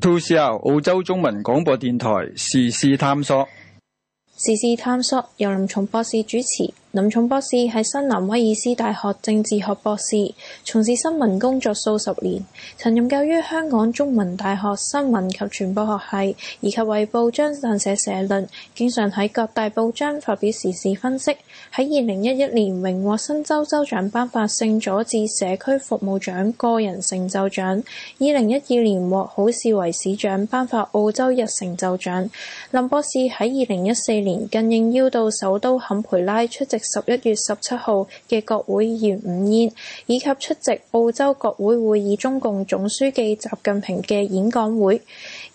To Show 澳洲中文廣播電台時事探索，時事探索由林松博士主持。林聰博士係新南威爾斯大學政治學博士，從事新聞工作數十年，曾任教於香港中文大學新聞及傳播學系，以及為報章撰寫社論，經常喺各大報章發表時事分析。喺2011年榮獲新州州長頒發聖佐治社區服務獎個人成就獎，2012年獲好市圍市長頒發澳洲日成就獎。林博士喺2014年更應邀到首都坎培拉出席。十一月十七號嘅國會議員午宴，以及出席澳洲國會會議，中共總書記習近平嘅演講會，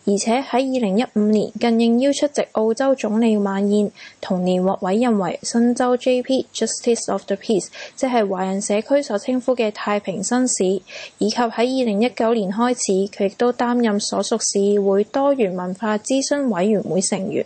而且喺二零一五年，更應邀出席澳洲總理晚宴。同年獲委任為新州 J.P. Justice of the Peace，即係華人社區所稱呼嘅太平紳士，以及喺二零一九年開始，佢亦都擔任所屬市議會多元文化諮詢委員會成員。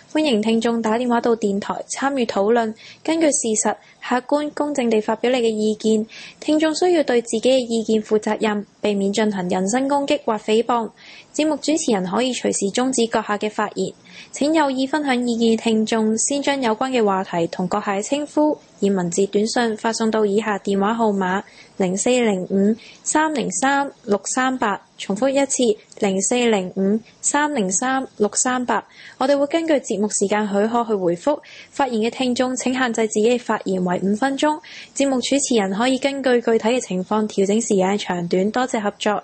歡迎聽眾打電話到電台參與討論，根據事實、客觀、公正地發表你嘅意見。聽眾需要對自己嘅意見負責任，避免進行人身攻擊或誹謗。節目主持人可以隨時終止閣下嘅發言。請有意分享意見嘅聽眾先將有關嘅話題同閣下稱呼。以文字短信發送到以下電話號碼零四零五三零三六三八，重複一次零四零五三零三六三八。我哋會根據節目時間許可去回覆發言嘅聽眾，請限制自己嘅發言為五分鐘。節目主持人可以根據具體嘅情況調整時間長短，多謝合作。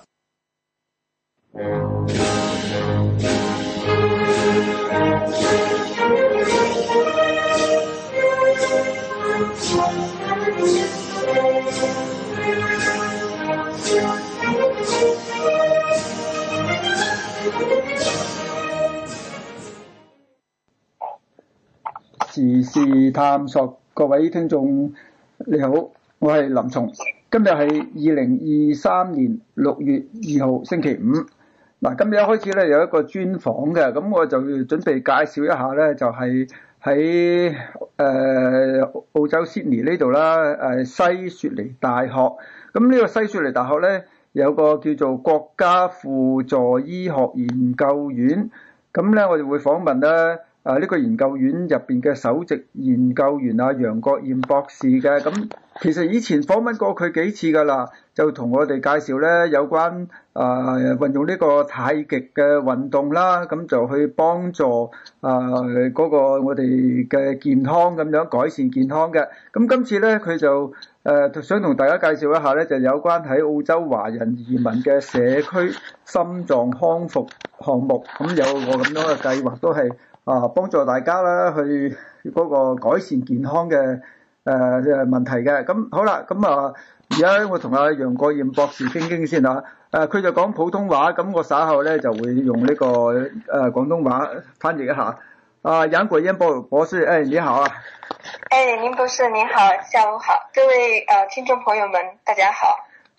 時事探索，各位聽眾你好，我係林松。今日係二零二三年六月二號星期五。嗱，今日一開始咧有一個專訪嘅，咁我就準備介紹一下咧，就係喺誒澳洲悉尼呢度啦，誒西雪梨大學。咁呢個西雪梨大學咧有個叫做國家輔助醫學研究院。咁咧我哋會訪問咧。啊！呢個研究院入邊嘅首席研究員啊，楊國燕博士嘅咁，其實以前訪問過佢幾次㗎啦，就同我哋介紹咧有關啊，運用呢個太極嘅運動啦，咁就去幫助啊嗰個我哋嘅健康，咁樣改善健康嘅。咁今次咧，佢就誒想同大家介紹一下咧，就有關喺澳洲華人移民嘅社區心臟康復項目，咁有個咁樣嘅計劃都係。啊，幫助大家啦，去嗰個改善健康嘅誒、呃、問題嘅。咁、啊、好啦，咁啊，而家我同阿、啊、楊國豔博士傾傾先啊。誒、啊，佢就講普通話，咁我稍後咧就會用呢、這個誒、啊、廣東話翻譯一下。啊，有楊國豔博，博士，誒、哎、你好啊。誒，林博士你好，下午好，各位啊聽眾朋友們，大家好。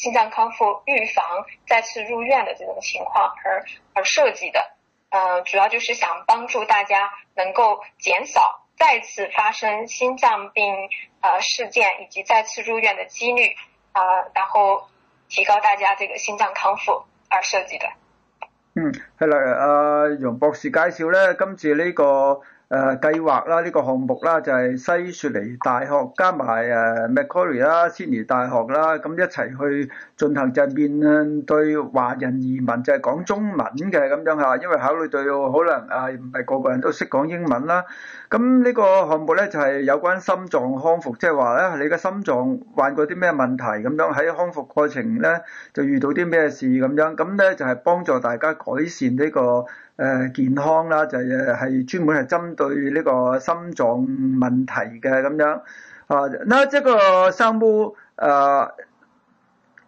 心臟康復預防再次入院的這種情況而而設計的，嗯、呃，主要就是想幫助大家能夠減少再次發生心臟病呃事件以及再次入院的幾率啊、呃，然後提高大家這個心臟康復而設計的。嗯，係啦，阿、呃、楊博士介紹呢，今次呢、這個。誒、呃，計劃啦，呢、這個項目啦，就係、是、西雪梨大學加埋誒、呃、Macquarie 啦、悉尼大學啦，咁一齊去，進行就係面對華人移民，就係、是、講中文嘅咁樣吓，因為考慮到可能啊唔係個個人都識講英文啦。咁呢個項目咧就係、是、有關心臟康復，即係話咧你嘅心臟患過啲咩問題咁樣，喺康復過程咧就遇到啲咩事咁樣，咁咧就係、是、幫助大家改善呢、這個誒、呃、健康啦，就係、是、係專門係針對呢個心臟問題嘅咁樣。啊，那呢個項目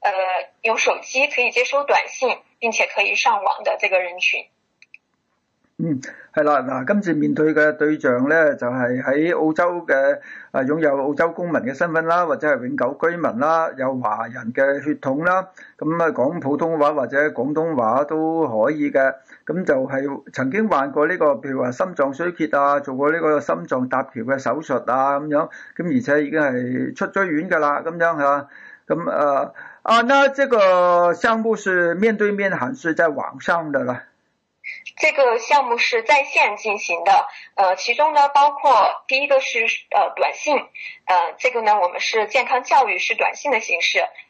誒，有手機可以接收短信，並且可以上網的這個人群。嗯，係啦，嗱，今次面對嘅對象呢，就係、是、喺澳洲嘅誒，擁有澳洲公民嘅身份啦，或者係永久居民啦，有華人嘅血統啦，咁啊講普通話或者廣東話都可以嘅，咁就係曾經患過呢、這個，譬如話心臟衰竭啊，做過呢個心臟搭橋嘅手術啊，咁樣，咁而且已經係出咗院噶啦，咁樣係嘛，咁誒。啊啊、哦，那這個項目是面對面還是在網上的呢？這個項目是在線進行的，呃，其中呢包括第一個是呃短信，呃，這個呢我們是健康教育是短信的形式。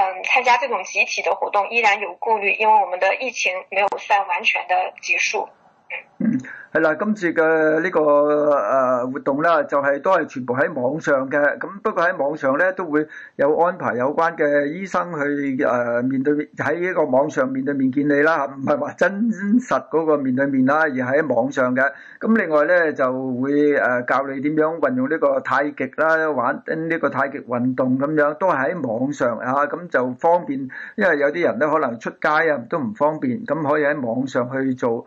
嗯，參加這種集體的活動依然有顧慮，因為我們的疫情沒有算完全的結束。嗯，係啦，今次嘅呢個誒活動啦，就係、是、都係全部喺網上嘅。咁不過喺網上咧，都會有安排有關嘅醫生去誒、呃、面對面喺呢個網上面對面見你啦，唔係話真實嗰個面對面啦，而係喺網上嘅。咁另外咧就會誒教你點樣運用呢個太極啦，玩呢個太極運動咁樣，都係喺網上啊。咁就方便，因為有啲人咧可能出街啊都唔方便，咁可以喺網上去做。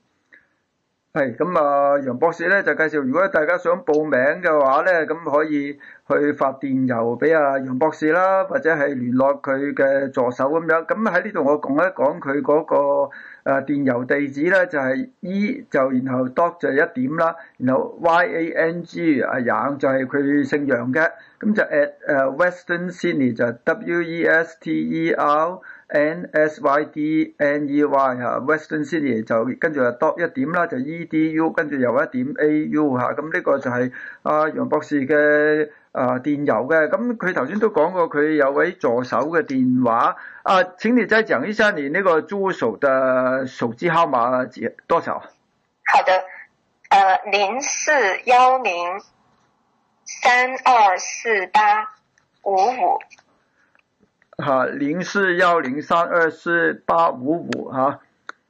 係咁啊，楊博士咧就介紹，如果大家想報名嘅話咧，咁可以去發電郵俾啊楊博士啦，或者係聯絡佢嘅助手咁樣。咁喺呢度我講一講佢嗰個電郵地址咧，就係、是、e 就然後 dot 就一、是、點啦，然後 Y A N G 啊，楊就係佢姓楊嘅，咁就 at Western Sydney 就 W E S T E R。N S Y D N E Y Western Sydney 就跟住又多一點啦，就 E D U 跟住又一點 A U 吓。咁呢個就係阿楊博士嘅啊電郵嘅。咁佢頭先都講過，佢有位助手嘅電話啊，請你再講一下。你呢個助手嘅手機號碼多少？好的，呃零四幺零三二四八五五。吓，零四幺零三二四八五五吓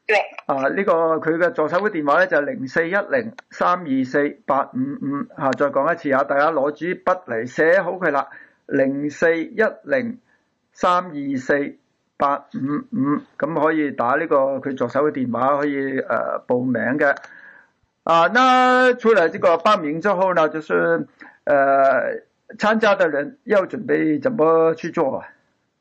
，55，啊呢、這個佢嘅助手嘅電話咧就係零四一零三二四八五五吓，再講一次啊，大家攞住筆嚟寫好佢啦，零四一零三二四八五五，咁可以打呢、這個佢助手嘅電話，可以誒、呃、報名嘅。啊，咁出嚟呢個班名之後呢，就是誒參、呃、加的人要準備怎麼去做？啊？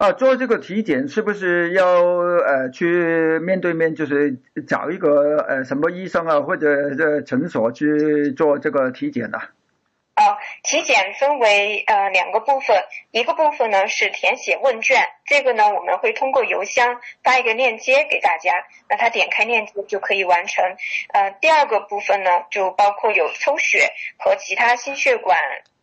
啊，做這個體檢是不是要呃，去面對面，就是找一個呃什麼醫生啊，或者這診所去做這個體檢呢？啊？啊、哦，體檢分為呃兩個部分，一個部分呢是填寫問卷，這個呢我們會通過郵箱發一個鏈接給大家，那他點開鏈接就可以完成。呃，第二個部分呢就包括有抽血和其他心血管，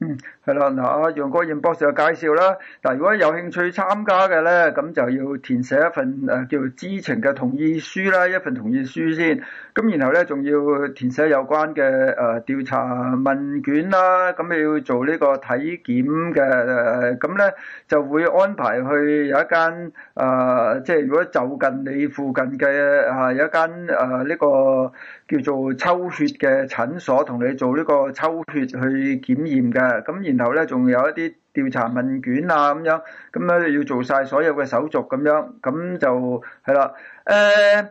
嗯，係啦，嗱阿楊國燕博士又介紹啦，嗱如果有興趣參加嘅咧，咁就要填寫一份誒叫做知情嘅同意書啦，一份同意書先。咁然後咧，仲要填寫有關嘅誒、呃、調查問卷啦。咁你要做呢個體檢嘅，咁、呃、咧就會安排去有一間誒，即、呃、係、就是、如果就近你附近嘅、啊、有一間誒呢、呃這個叫做抽血嘅診所，同你做呢個抽血去檢驗嘅。咁然後咧，仲有一啲調查問卷啊，咁樣咁咧要做晒所有嘅手續咁樣，咁就係啦，欸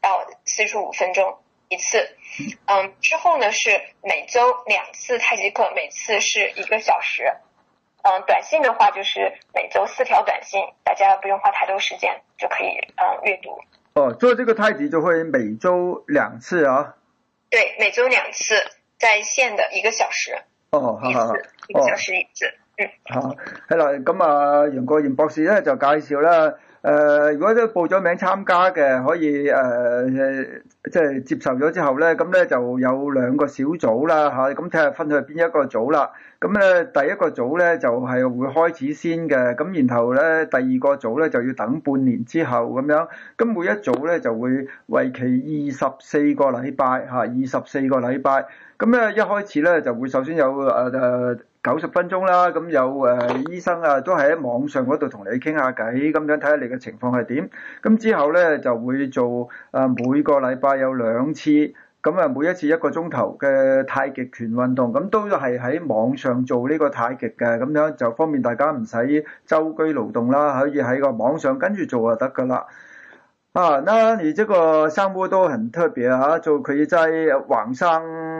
到四十五分鐘一次，嗯，之後呢是每周兩次太極課，每次是一個小時，嗯，短信的話就是每周四條短信，大家不用花太多時間就可以嗯閱讀。哦，做這個太極就會每周兩次啊？對，每周兩次在線的一個小時一次。哦，好好好，一個小時一次，哦、嗯。好，誒，咁啊，楊、啊、國賢博士咧就介紹啦。誒、呃，如果都報咗名參加嘅，可以誒、呃，即係接受咗之後咧，咁咧就有兩個小組啦嚇，咁睇下分去邊一個組啦。咁咧，第一個組咧就係、是、會開始先嘅，咁然後咧第二個組咧就要等半年之後咁樣。咁每一組咧就會為期二十四個禮拜嚇，二十四個禮拜。咁、啊、咧一開始咧就會首先有誒。啊九十分鐘啦，咁有醫生啊，都係喺網上嗰度同你傾下偈，咁樣睇下你嘅情況係點。咁之後咧就會做每個禮拜有兩次，咁啊每一次一個鐘頭嘅太極拳運動，咁都係喺網上做呢個太極嘅，咁樣就方便大家唔使周居勞動啦，可以喺個網上跟住做就得㗎喇。啊，而呢個生活都係特別呀，做佢以在生。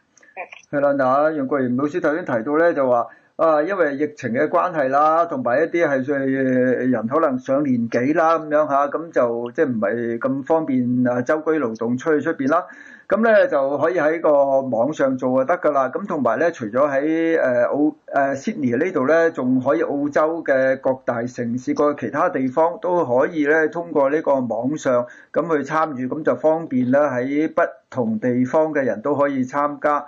係啦，嗱，楊國榮老師頭先提到咧，就話啊，因為疫情嘅關係啦，同埋一啲係誒人可能上年紀啦，咁樣吓，咁就即係唔係咁方便啊，周歸勞動出去出邊啦。咁咧就可以喺個網上做就得噶啦。咁同埋咧，除咗喺誒澳誒 Sydney 呢度咧，仲可以澳洲嘅各大城市各其他地方都可以咧，通過呢個網上咁去參與，咁就方便啦。喺不同地方嘅人都可以參加。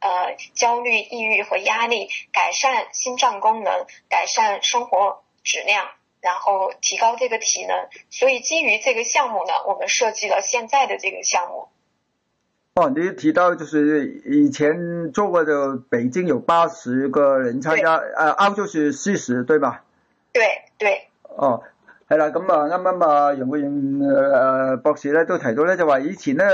呃，焦慮、抑鬱和壓力，改善心臟功能，改善生活質量，然後提高這個體能。所以基於這個項目呢，我們設計了現在的這個項目。哦，你提到就是以前做過的，北京有八十個人參加，對呃，澳洲是四十，對吧？對對。對哦，係啦，咁啊，啱啱啊，楊國榮呃博士咧都提到咧，就話以前呢。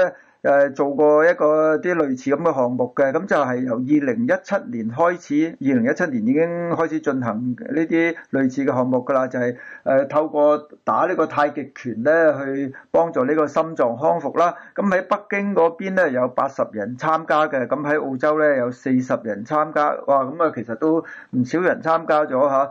誒做過一個啲類似咁嘅項目嘅，咁就係由二零一七年開始，二零一七年已經開始進行呢啲類似嘅項目噶啦，就係誒透過打呢個太極拳咧，去幫助呢個心臟康復啦。咁喺北京嗰邊咧有八十人參加嘅，咁喺澳洲咧有四十人參加，哇！咁啊其實都唔少人參加咗嚇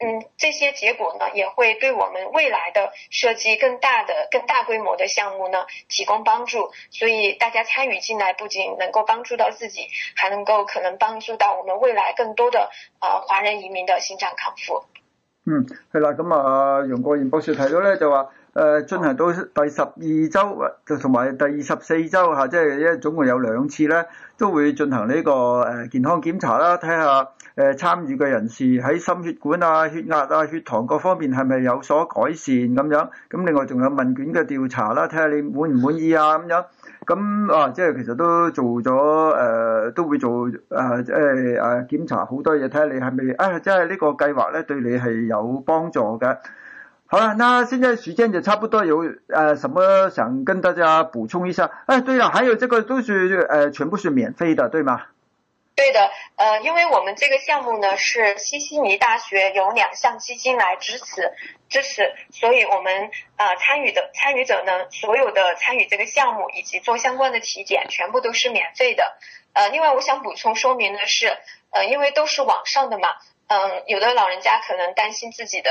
嗯，這些結果呢，也會對我們未來的設計更大的、更大規模的項目呢提供幫助。所以大家參與進來，不僅能夠幫助到自己，還能夠可能幫助到我們未來更多的啊華人移民的心臟康復。嗯，係、嗯、啦，咁、嗯嗯嗯、啊，楊國賢博士提到咧就話。誒進行到第十二週，就同埋第二十四週嚇，即係總共有兩次咧，都會進行呢個誒健康檢查啦，睇下誒參與嘅人士喺心血管啊、血壓啊、血糖各方面係咪有所改善咁樣？咁另外仲有問卷嘅調查啦，睇下你滿唔滿意啊咁樣。咁啊，即係其實都做咗誒，都會做誒即係誒檢查好多嘢，睇下你係咪啊，即係呢個計劃咧對你係有幫助嘅。好了、啊，那現在時間也差不多有，有呃什麼想跟大家補充一下？哎，對了，還有這個都是呃全部是免費的，對嗎？對的，呃，因為我們這個項目呢是西悉尼大學有兩項基金來支持支持，所以我們呃參與的參與者呢，所有的參與這個項目以及做相關的體檢全部都是免費的。呃，另外我想補充說明的是，呃，因為都是網上的嘛，嗯、呃，有的老人家可能擔心自己的。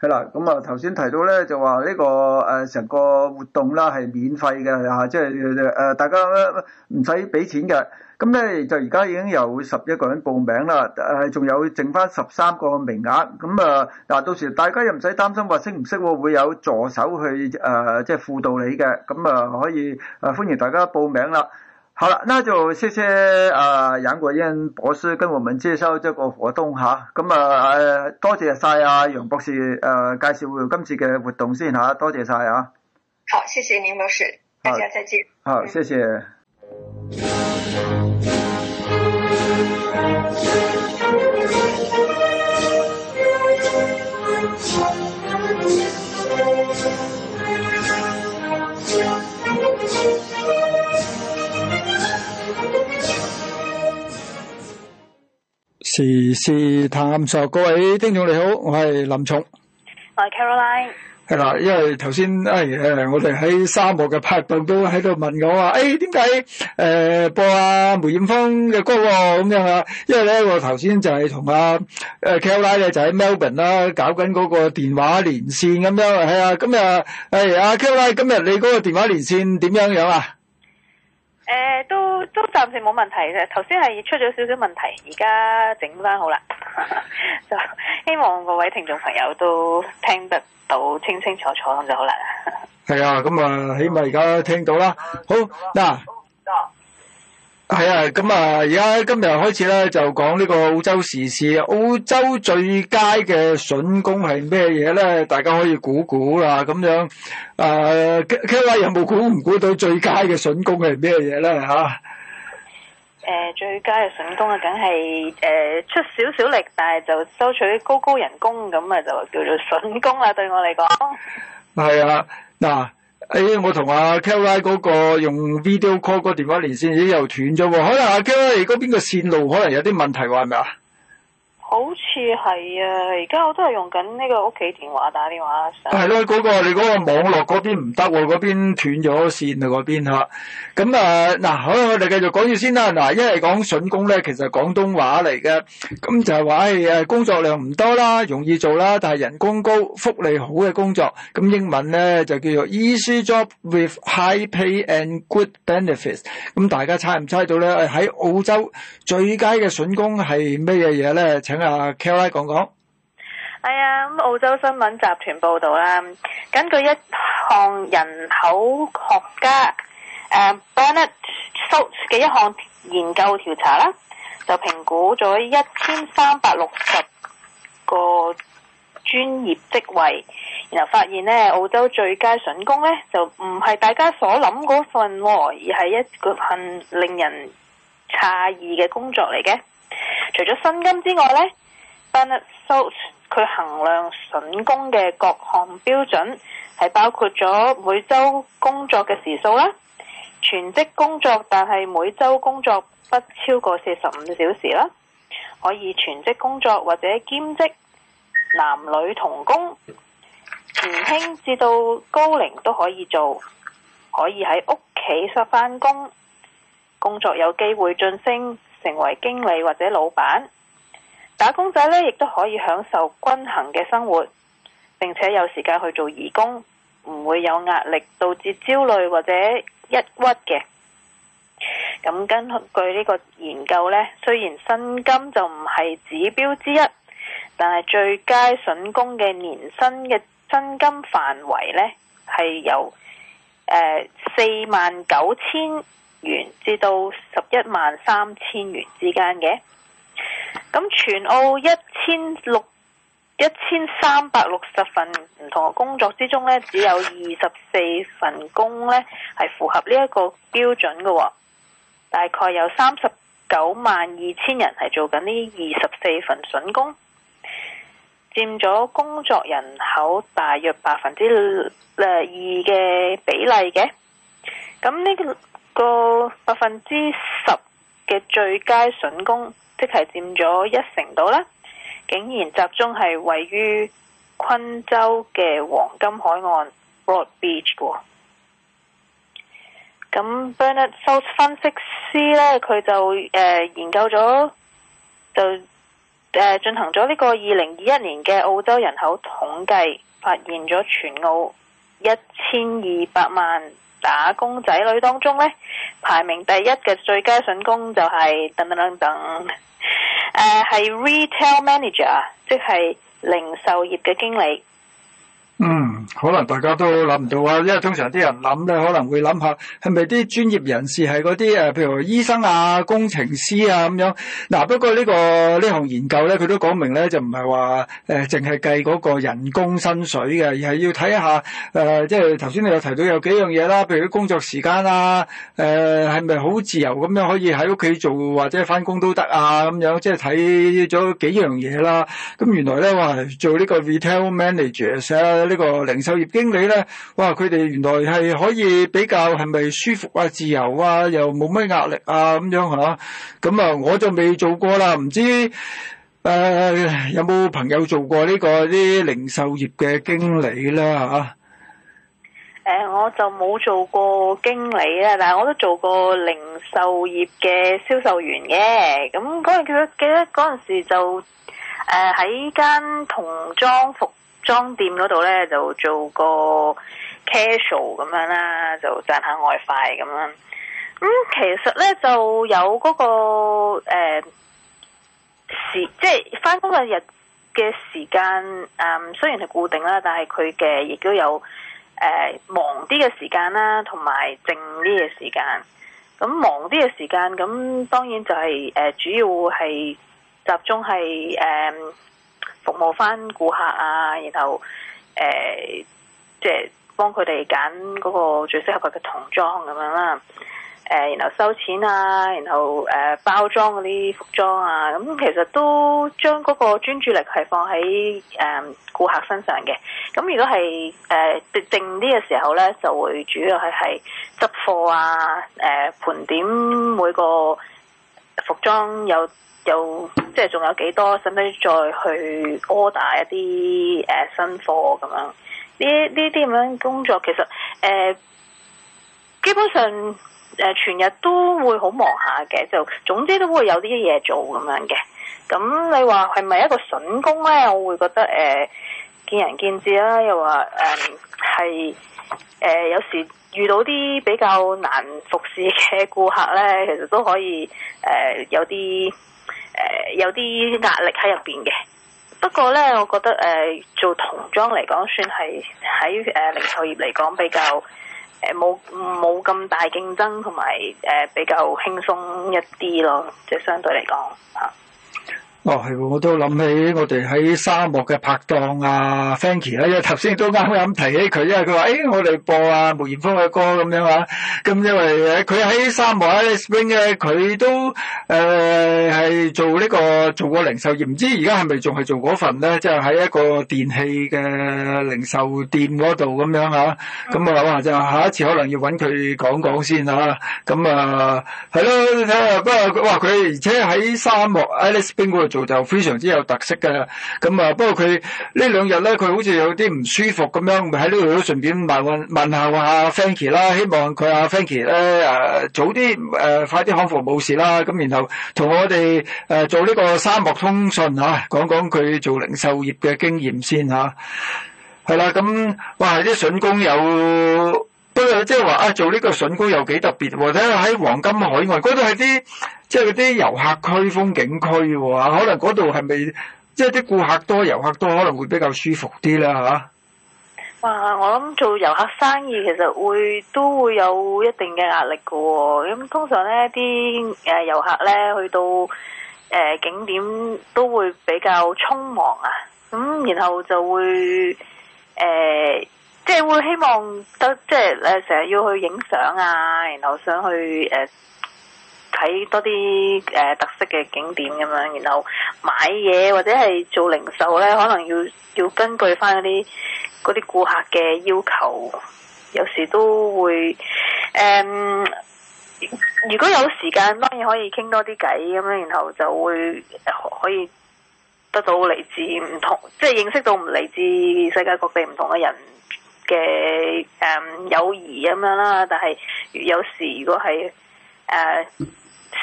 係啦，咁啊、嗯，頭先提到咧就話呢、呢個誒成個活動啦係免費嘅吓，即係誒大家唔使俾錢嘅。咁咧就而家已經有十一個人報名啦，誒仲有剩翻十三個名額。咁啊嗱，到時大家又唔使擔心話識唔識，會有助手去誒即係輔導你嘅。咁啊可以誒歡迎大家報名啦。好啦，那就謝謝誒楊、呃、國燕博士跟我們介紹這個活動吓，咁啊、嗯呃、多謝晒啊楊博士誒、呃、介紹今次嘅活動先吓，多謝晒啊。好，謝謝林博士，大家再見。好，好，謝謝。時事探索，各位聽眾你好，我係林松，我係 Caroline，係啦，因為頭先誒我哋喺沙漠嘅拍檔都喺度問我、哎呃、啊誒點解誒播阿梅艷芳嘅歌咁樣啊？因為咧我頭先就係同阿誒 Caroline 就喺 Melbourne 啦，啊，搞緊嗰個電話連線咁樣，係啊，今日係阿，啊、Caroline，今日你嗰個電話連線點樣樣啊？誒、呃，都都暫時冇問題嘅。頭先係出咗少少問題，而家整翻好啦。就希望各位聽眾朋友都聽得到清清楚楚咁就好啦。係啊，咁啊，起碼而家聽到啦。啊、好，嗱。係啊，咁啊，而家今日開始咧，就講呢個澳洲時事。澳洲最佳嘅筍工係咩嘢咧？大家可以估估啦，咁樣。誒，Q Q 有冇估唔估到最佳嘅筍工係咩嘢咧？吓？誒，最佳嘅筍工啊，梗係誒出少少力，但係就收取高高人工，咁啊就叫做筍工啦。對我嚟講，係啊，嗱。誒、哎，我同阿 Kelvin 嗰個用 video call 個電話連線，而家又斷咗喎。可能阿 Kelvin 嗰邊個線路可能有啲問題喎，係咪啊？好似係啊！而家我都係用緊呢個屋企電話打電話啊！係咯，嗰、嗰個你嗰個網絡嗰邊唔得喎，嗰邊斷咗線啊嗰邊吓咁啊，嗱，好我哋繼續講住先啦。嗱、啊，一係講筍工咧，其實廣東話嚟嘅，咁就係話誒工作量唔多啦，容易做啦，但係人工高、福利好嘅工作。咁英文咧就叫做 easy job with high pay and good benefits。咁大家猜唔猜到咧？喺澳洲最佳嘅筍工係咩嘢嘢咧？請。阿 Kelly 講講，係啊，咁澳洲新聞集團報道啦，根據一項人口學家誒 Banet Soh 嘅一項研究調查啦，就評估咗一千三百六十個專業職位，然後發現咧，澳洲最佳筍工咧就唔係大家所諗嗰份，而係一份令人詫異嘅工作嚟嘅。除咗薪金之外呢 Bernard Salt 佢衡量筍工嘅各項標準係包括咗每周工作嘅時數啦，全職工作但係每周工作不超過四十五小時啦，可以全職工作或者兼職，男女同工，年輕至到高齡都可以做，可以喺屋企實返工，工作有機會晉升，成為經理或者老板，打工仔呢亦都可以享受均衡嘅生活，並且有時間去做義工，唔會有壓力導致焦慮或者抑鬱嘅。咁根據呢個研究呢，雖然薪金就唔係指標之一，但係最佳筍工嘅年薪嘅薪金範圍呢，係由誒四萬九千。呃 49, 元至到十一萬三千元之間嘅，咁全澳一千六一千三百六十份唔同嘅工作之中呢，只有二十四份工呢，係符合呢一個標準嘅。哦，大概有三十九萬二千人係做緊呢二十四份筍工，佔咗工作人口大約百分之二嘅比例嘅，咁呢、這個。個百分之十嘅最佳筍工，即係佔咗一成度啦，竟然集中係位於昆州嘅黃金海岸 Broad Beach。咁 Bernard South 分析師呢，佢就誒、呃、研究咗，就誒進、呃、行咗呢個二零二一年嘅澳洲人口統計，發現咗全澳一千二百萬。打工仔女當中咧，排名第一嘅最佳筍工就係等等等等，誒、呃、係 retail manager 即係零售業嘅經理。嗯，可能大家都諗唔到啊，因為通常啲人諗咧，可能會諗下係咪啲專業人士係嗰啲誒，譬如醫生啊、工程師啊咁樣。嗱，啊，不過呢個呢項研究咧，佢都講明咧，就唔係話誒，淨係計嗰個人工薪水嘅，而係要睇下誒，即係頭先你有提到有幾樣嘢啦，譬如啲工作時間啊，誒，呃，係咪好自由咁樣可以喺屋企做或者翻工都得啊咁樣，即係睇咗幾樣嘢啦。咁原來咧話做呢個 retail manager，啊呢個零售業經理咧，哇！佢哋原來係可以比較係咪舒服啊、自由啊，又冇咩壓力啊咁樣吓。咁啊，我就未做過啦，唔知誒有冇朋友做過呢個啲零售業嘅經理咧吓？誒，我就冇做過經理啊，但係我都做過零售業嘅銷售員嘅。咁嗰陣佢記得嗰陣時就誒喺間童裝服。裝店嗰度咧就做個 casual 咁樣啦，就賺下外快咁樣。咁、嗯、其實咧就有嗰、那個誒、呃、時，即係翻工嘅日嘅時間。誒、嗯，雖然係固定啦，但係佢嘅亦都有誒、呃、忙啲嘅時間啦，同埋靜啲嘅時間。咁忙啲嘅時間，咁當然就係、是、誒、呃、主要係集中係誒。呃服務返顧客啊，然後誒，即係幫佢哋揀嗰個最適合佢嘅童裝咁樣啦。誒、呃，然後收錢啊，然後誒、呃、包裝嗰啲服裝啊，咁、嗯、其實都將嗰個專注力係放喺誒、呃、顧客身上嘅。咁、嗯、如果係誒靜啲嘅時候呢，就會主要係係執貨啊，誒、呃、盤點每個.服裝有有，即係仲有幾多，使唔使再去 order 一啲誒、呃、新貨咁樣？呢呢啲咁樣工作其實誒、呃、基本上誒、呃、全日都會好忙下嘅，就總之都會有啲嘢做咁樣嘅。咁你話係咪一個筍工咧？我會覺得誒、呃、見仁見智啦。又話誒係。呃誒、呃，有時遇到啲比較難服侍嘅顧客咧，其實都可以誒、呃、有啲誒、呃、有啲壓力喺入邊嘅。不過咧，我覺得誒、呃、做童裝嚟講，算係喺誒零售業嚟講比較誒冇冇咁大競爭，同埋誒比較輕鬆一啲咯，即係相對嚟講吓。嗯哦，係，我都諗起我哋喺沙漠嘅拍檔啊 Fanky 咧、欸啊，因為頭先都啱啱提起佢，因為佢話，誒，我哋播阿梅艷芳嘅歌咁樣啊。咁因為誒，佢喺沙漠喺 Alice Spring 咧，佢都誒係做呢、這個做過零售業，唔知而家係咪仲係做嗰份咧，即係喺一個電器嘅零售店嗰度咁樣啊。咁我諗下，就下一次可能要揾佢講講先啊。咁啊，係咯，睇下不過，哇，佢而且喺沙漠 Alice Spring 做就非常之有特色噶啦，咁啊，不過佢呢兩日咧，佢好似有啲唔舒服咁樣，喺呢度都順便問問問下話阿 Fanky 啦，希望佢阿 Fanky 咧誒早啲快啲康復冇事啦，咁然後同我哋誒、呃、做呢個沙漠通訊嚇、啊，講講佢做零售業嘅經驗先嚇，係、啊、啦，咁哇啲筍工有～都係即係話啊，做呢個筍工有幾特別喎、啊！睇下喺黃金海岸嗰度係啲即係嗰啲遊客區風景區喎、啊，可能嗰度係咪即係啲顧客多、遊客多，可能會比較舒服啲啦嚇。啊，我諗做遊客生意其實會都會有一定嘅壓力嘅喎、哦。咁、嗯、通常咧啲誒遊客咧去到誒、呃、景點都會比較匆忙啊，咁、嗯、然後就會誒。呃即係會希望得即係誒，成、就、日、是、要去影相啊，然後想去誒睇、呃、多啲誒、呃、特色嘅景點咁樣，然後買嘢或者係做零售咧，可能要要根據翻嗰啲嗰啲顧客嘅要求，有時都會誒、嗯，如果有時間當然可以傾多啲偈咁樣，然後就會、呃、可以得到嚟自唔同，即、就、係、是、認識到唔嚟自世界各地唔同嘅人。嘅誒、嗯、友誼咁樣啦，但係有時如果係誒、呃、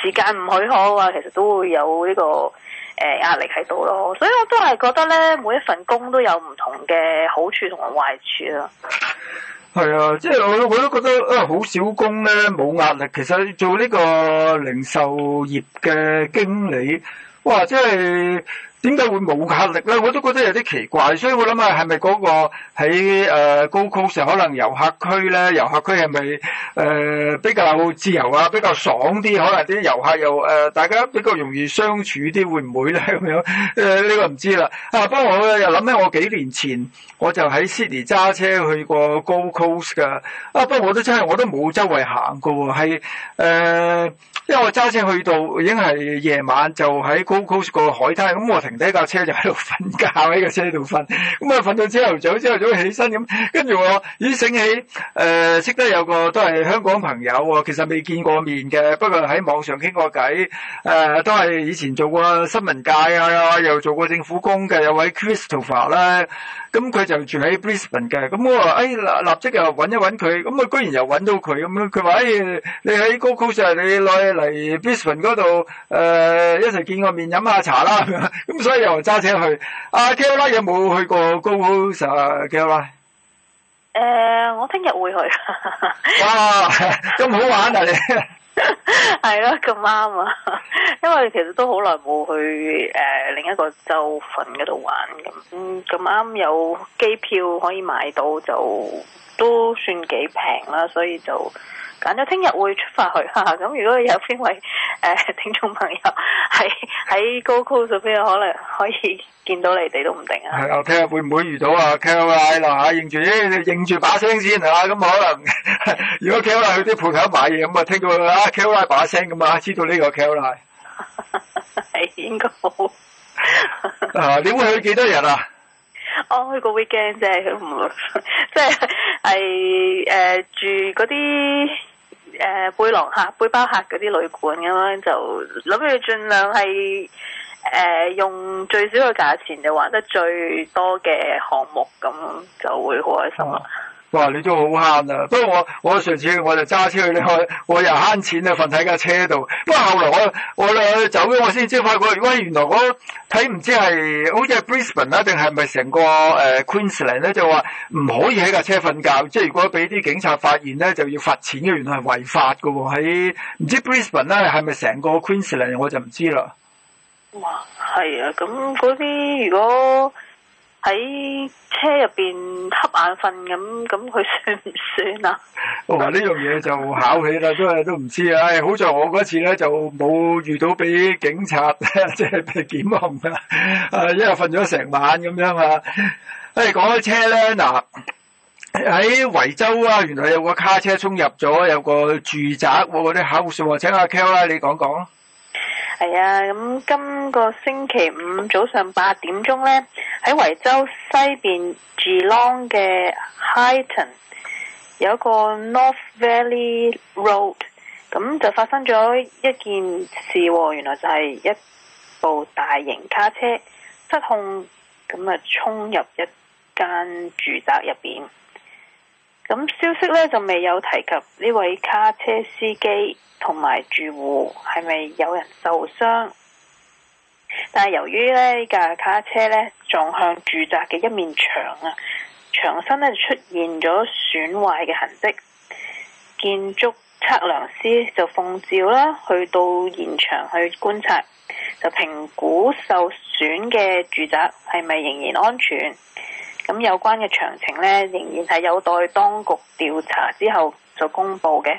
時間唔許可嘅話，其實都會有呢、呢個誒、呃、壓力喺度咯。所以我都係覺得咧，每一份工都有唔同嘅好處同埋壞處咯。係啊，即係我我都覺得啊，好、呃、少工咧冇壓力。其實做呢個零售業嘅經理，哇，即係～點解會冇壓力咧？我都覺得有啲奇怪，所以我諗啊，係咪嗰個喺呃 Gold Coast，可能遊客區咧，遊客區係咪、呃、比較自由啊，比較爽啲？可能啲遊客又、呃、大家比較容易相處啲，會唔會咧咁樣？呢、呃這個唔知啦。啊，不過我又諗起我幾年前我就喺 City 揸車去過 Gold Coast 嘅。啊，不過我都真係我都冇周圍行過喎，係誒、呃，因為我揸車去到已經係夜晚，就喺 Gold Coast 個海灘咁、嗯、我。停低架車，就喺度瞓覺，喺架車度瞓，咁啊瞓到朝頭早，朝頭早起身咁，跟住我咦醒起，誒、呃、識得有個都係香港朋友喎，其實未見過面嘅，不過喺網上傾過偈，誒、呃、都係以前做過新聞界啊，又做過政府工嘅有位 Christopher 啦。咁佢就住喺 Brisbane 嘅，咁我話哎立立即，又搵一搵佢，咁佢居然又搵到佢，咁樣佢話哎你喺 Gold Coast，你來嚟 Brisbane 嗰度誒一齊見個面飲下茶啦，咁所以又揸車去。阿 Kella 有冇去過 Gold Coast？Kella？誒，我聽日會去。哇，咁好玩啊你！係咯，咁啱啊，因為其實都好耐冇去誒、呃、另一個州份嗰度玩咁，嗯、咁啱有機票可以買到就都算幾平啦，所以就。揀咗聽日會出發去嚇，咁、啊、如果有邊位、呃、聽眾朋友係喺高高上邊，可能可以見到你哋都唔定啊。係啊，聽日會唔會遇到啊 Call 拉？嗱，認住認住把聲先，咁、啊、可能呵呵如果 Call 拉去啲鋪頭買嘢，咁啊聽到啊 Call 拉把聲咁啊，知道呢個 Call 拉係應該好。啊，你會去幾多人啊？我、哦、去個 weekend 啫，唔即係住嗰啲。誒、呃，背囊客、背包客嗰啲旅館咁樣，就諗住盡量係誒、呃、用最少嘅價錢就玩得最多嘅項目，咁就會好開心啦～、嗯哇！你都好慳啊，不過我我上次我就揸車去你去，我又慳錢啊，瞓喺架車度。不過後來我我，我走咗，我先知發覺，喂，原來我睇唔知係好似 Brisbane 啦，定係咪成個 Queensland 咧，就話唔可以喺架車瞓覺，即係如果俾啲警察發現咧，就要罰錢嘅。原來係違法㗎喎，喺唔知 Brisbane 啦，係咪成個 Queensland 我就唔知啦。哇，係啊，咁嗰啲如果～喺車入邊瞌眼瞓咁，咁佢算唔算啊？嗱、哦，呢樣嘢就考起啦， 都係都唔知啊！哎、好在我嗰次咧就冇遇到俾警察即係 被檢控啊！啊，因為瞓咗成晚咁樣呀。唉、哎，講下車咧嗱，喺維州啊，原來有個卡車衝入咗有個住宅，我嗰啲考戶想話請阿 Kel 啦、啊，你講講。係啊，咁今個星期五早上八點鐘呢，喺維州西邊 Geelong 嘅 Highton 有一個 North Valley Road，咁就發生咗一件事，啊，原來就係一部大型卡車失控，咁啊衝入一間住宅入邊。咁消息咧就未有提及呢位卡車司機同埋住戶係咪有人受傷？但係由於呢呢架卡車咧撞向住宅嘅一面牆啊，牆身咧就出現咗損壞嘅痕跡。建築測量師就奉召啦，去到現場去觀察，就評估受損嘅住宅係咪仍然安全。咁有關嘅詳情咧，仍然係有待當局調查之後就公佈嘅。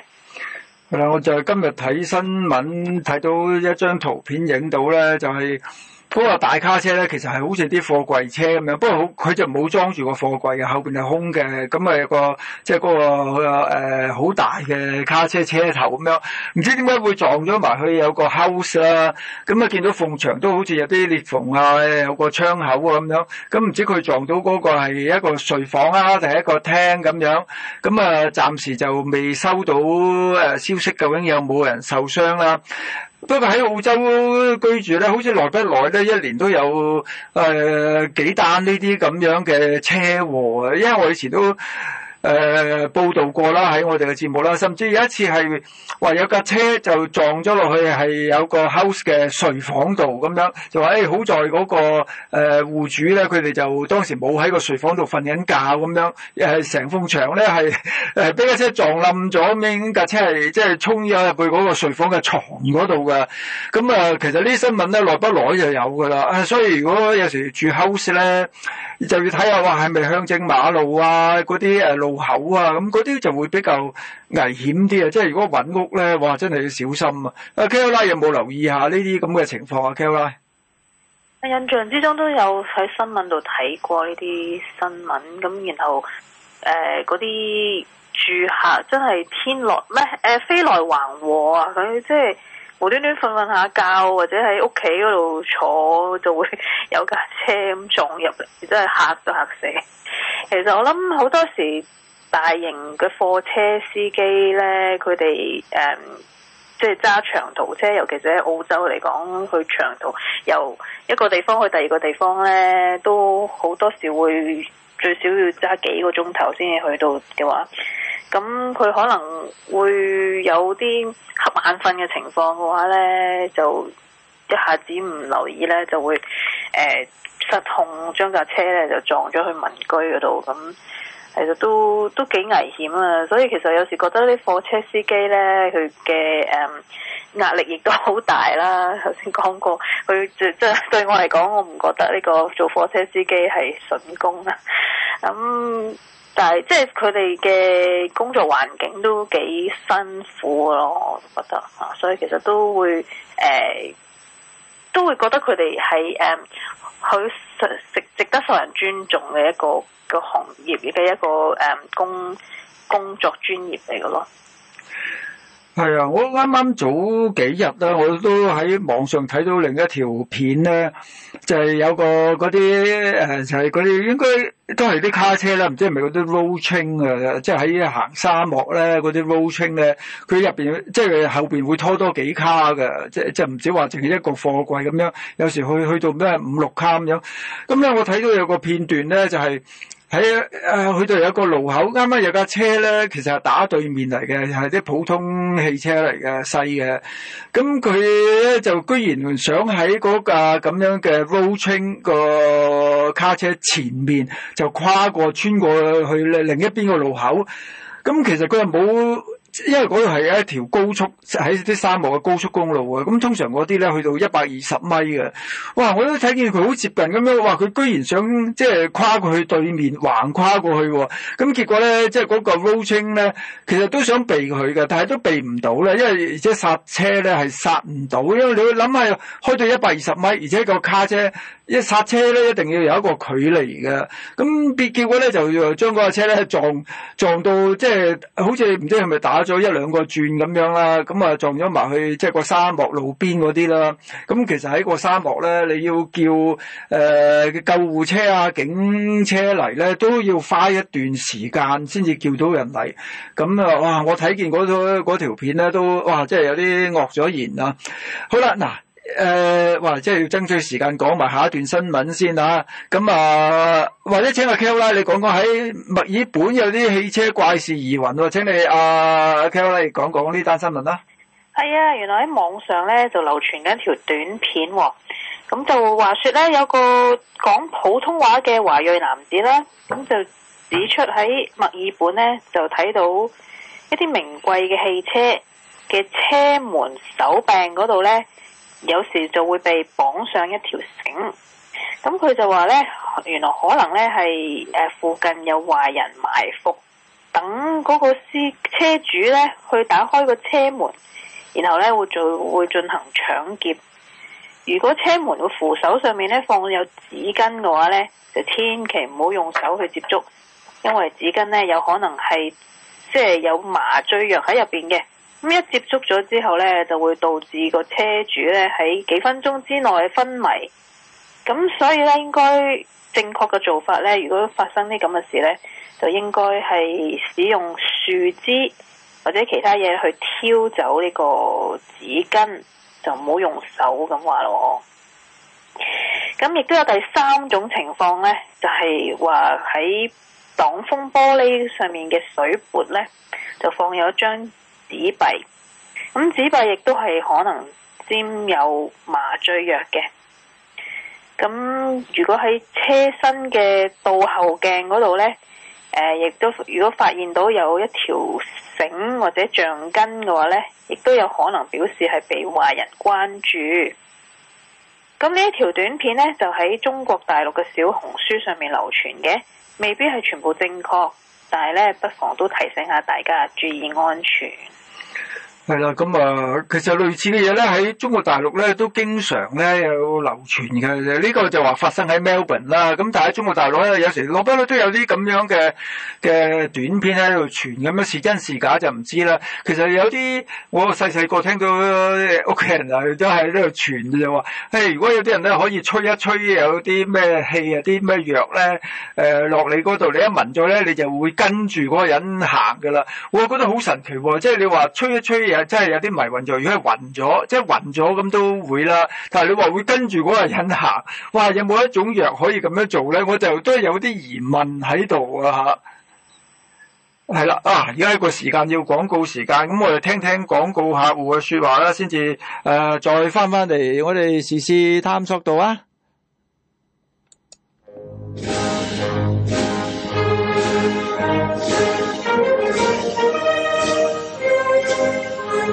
係啦，我就今日睇新聞，睇到一張圖片，影到咧就係，嗰個大卡車咧，其實係好似啲貨櫃車咁樣，不過好佢就冇裝住個貨櫃嘅，後面係空嘅，咁啊有個即係嗰個誒好、呃、大嘅卡車車頭咁樣，唔知點解會撞咗埋去有個 house 啦、啊，咁啊見到幅牆都好似有啲裂縫啊，有個窗口啊咁樣，咁唔知佢撞到嗰個係一個睡房啊，定係一個廳咁樣，咁啊暫時就未收到消息，究竟有冇人受傷啦、啊？不過喺澳洲居住咧，好似來不來咧，一年都有、呃、幾單呢啲咁樣嘅車禍啊，因為我以前都誒、呃、報道過啦，喺我哋嘅節目啦，甚至有一次係話有架車就撞咗落去係有個 house 嘅睡房度咁樣，就話誒、哎、好在、那、嗰個誒、呃、戶主咧，佢哋就當時冇喺個睡房度瞓緊覺咁樣，成幅牆咧係誒俾架車撞冧咗，咁架車係即係衝咗入去嗰個睡房嘅床嗰度㗎。咁啊、呃，其實聞呢啲新聞咧，耐不耐就有㗎啦。所以如果有時住 house 咧，就要睇下話係咪向正馬路啊，嗰啲路。呃路口啊，咁嗰啲就會比較危險啲啊！即係如果揾屋咧，哇，真係要小心啊！阿 Kola 有冇留意下呢啲咁嘅情況啊？Kola，印象之中都有喺新聞度睇過呢啲新聞，咁然後誒嗰啲住客真係天來咩誒飛來橫禍啊！佢即係。無端端瞓瞓下覺，或者喺屋企嗰度坐，就會有架車咁撞入嚟，真係嚇都嚇死。其實我諗好多時，大型嘅貨車司機呢，佢哋誒，即係揸長途車，尤其係喺澳洲嚟講，去長途由一個地方去第二個地方呢，都好多時會。最少要揸幾個鐘頭先至去到嘅話，咁佢可能會有啲瞌眼瞓嘅情況嘅話呢，就一下子唔留意呢，就會、呃、失控，將架車呢就撞咗去民居嗰度咁。其實都都幾危險啊！所以其實有時覺得啲火車司機咧，佢嘅誒壓力亦都好大啦。頭先講過，佢即即對我嚟講，我唔覺得呢個做火車司機係筍工啦。咁、嗯、但係即係佢哋嘅工作環境都幾辛苦咯，我覺得啊，所以其實都會誒。呃都會覺得佢哋係誒好值得受人尊重嘅一個個行業嘅一個誒工工作專業嚟嘅咯。係啊，我啱啱早幾日咧，我都喺網上睇到另一條片咧，就係、是、有個嗰啲誒，就係嗰啲應該都係啲卡車啦，唔知係咪嗰啲 road train 啊，即係喺行沙漠咧嗰啲 road train 咧，佢入邊即係後邊會拖多幾卡㗎，即係即係唔止話淨係一個貨櫃咁樣，有時去去到咩五六卡咁樣。咁咧我睇到有個片段咧，就係、是。喺誒，去到、啊、有一個路口，啱啱有架車咧，其實係打對面嚟嘅，係啲普通汽車嚟嘅，細嘅。咁佢咧就居然想喺嗰架咁樣嘅 road train 個卡車前面，就跨過穿過去另一邊個路口。咁其實佢係冇。因為嗰度係一條高速，喺啲沙漠嘅高速公路啊。咁通常嗰啲咧去到一百二十米嘅，哇！我都睇見佢好接近咁樣，哇！佢居然想即係跨過去對面，橫跨過去喎、哦。咁結果咧，即係嗰個 routing 咧，其實都想避佢嘅，但係都避唔到咧，因為而且煞車咧係煞唔到，因為你會諗下，開到一百二十米，而且個卡車，車。一剎車咧，一定要有一個距離嘅。咁結果咧，就將嗰架車咧撞撞到，即係好似唔知係咪打咗一兩個轉咁樣啦。咁啊撞咗埋去即係個沙漠路邊嗰啲啦。咁其實喺個沙漠咧，你要叫誒救護車啊、警車嚟咧，都要花一段時間先至叫到人嚟。咁啊，哇！我睇見嗰個嗰條片咧，都哇，即係有啲惡咗言啦。好啦，嗱。誒、呃，哇！即係要爭取時間講埋下一段新聞先吓、啊，咁、嗯、啊，或者請阿 Kel 拉你講講喺墨爾本有啲汽車怪事疑雲喎、啊，請你、啊、阿 Kel 拉你講講呢單新聞啦。係啊，啊，原來喺網上咧就流傳緊一條短片、哦，咁就話說咧有個講普通話嘅華裔男子啦，咁就指出喺墨爾本咧就睇到一啲名貴嘅汽車嘅車門手柄嗰度咧。有時就會被綁上一條繩，咁佢就話呢，原來可能呢係誒附近有壞人埋伏，等嗰個司車主呢去打開個車門，然後呢會做會進行搶劫。如果車門個扶手上面呢放有紙巾嘅話呢，就千祈唔好用手去接觸，因為紙巾呢有可能係即係有麻醉藥喺入邊嘅。咁一接觸咗之後呢，就會導致個車主呢喺幾分鐘之內昏迷。咁所以呢，應該正確嘅做法呢，如果發生啲咁嘅事呢，就應該係使用樹枝或者其他嘢去挑走呢個紙巾，就唔好用手咁話咯。咁亦都有第三種情況呢，就係話喺擋風玻璃上面嘅水撥呢，就放有一張。紙幣，咁紙幣亦都係可能沾有麻醉藥嘅。咁如果喺車身嘅倒後鏡嗰度呢，呃、亦都如果發現到有一條繩或者橡筋嘅話呢，亦都有可能表示係被壞人關注。咁呢一條短片呢，就喺中國大陸嘅小紅書上面流傳嘅，未必係全部正確，但係呢，不妨都提醒下大家注意安全。係啦，咁啊、嗯，其實類似嘅嘢咧，喺中國大陸咧都經常咧有流傳嘅。呢個就話發生喺 Melbourne 啦，咁但係中國大陸咧有時落班都都有啲咁樣嘅嘅短片喺度傳，咁樣是真是假就唔知啦。其實有啲我細細個聽到屋企人又都喺呢度傳，就話誒，如果有啲人咧可以吹一吹有些什麼，有啲咩氣啊，啲咩藥咧，誒落你嗰度，你一聞咗咧，你就會跟住嗰個人行噶啦。我覺得好神奇喎，即係你話吹一吹。又真係有啲迷魂在，如果係暈咗，即係暈咗咁都會啦。但係你話會跟住嗰個人行，哇！有冇一種藥可以咁樣做咧？我就都係有啲疑問喺、啊啊呃、度啊。係啦，啊， 而家係個時間要廣告時間，咁我哋聽聽廣告客戶嘅說話啦，先至誒，再翻翻嚟，我哋試試探索到啊。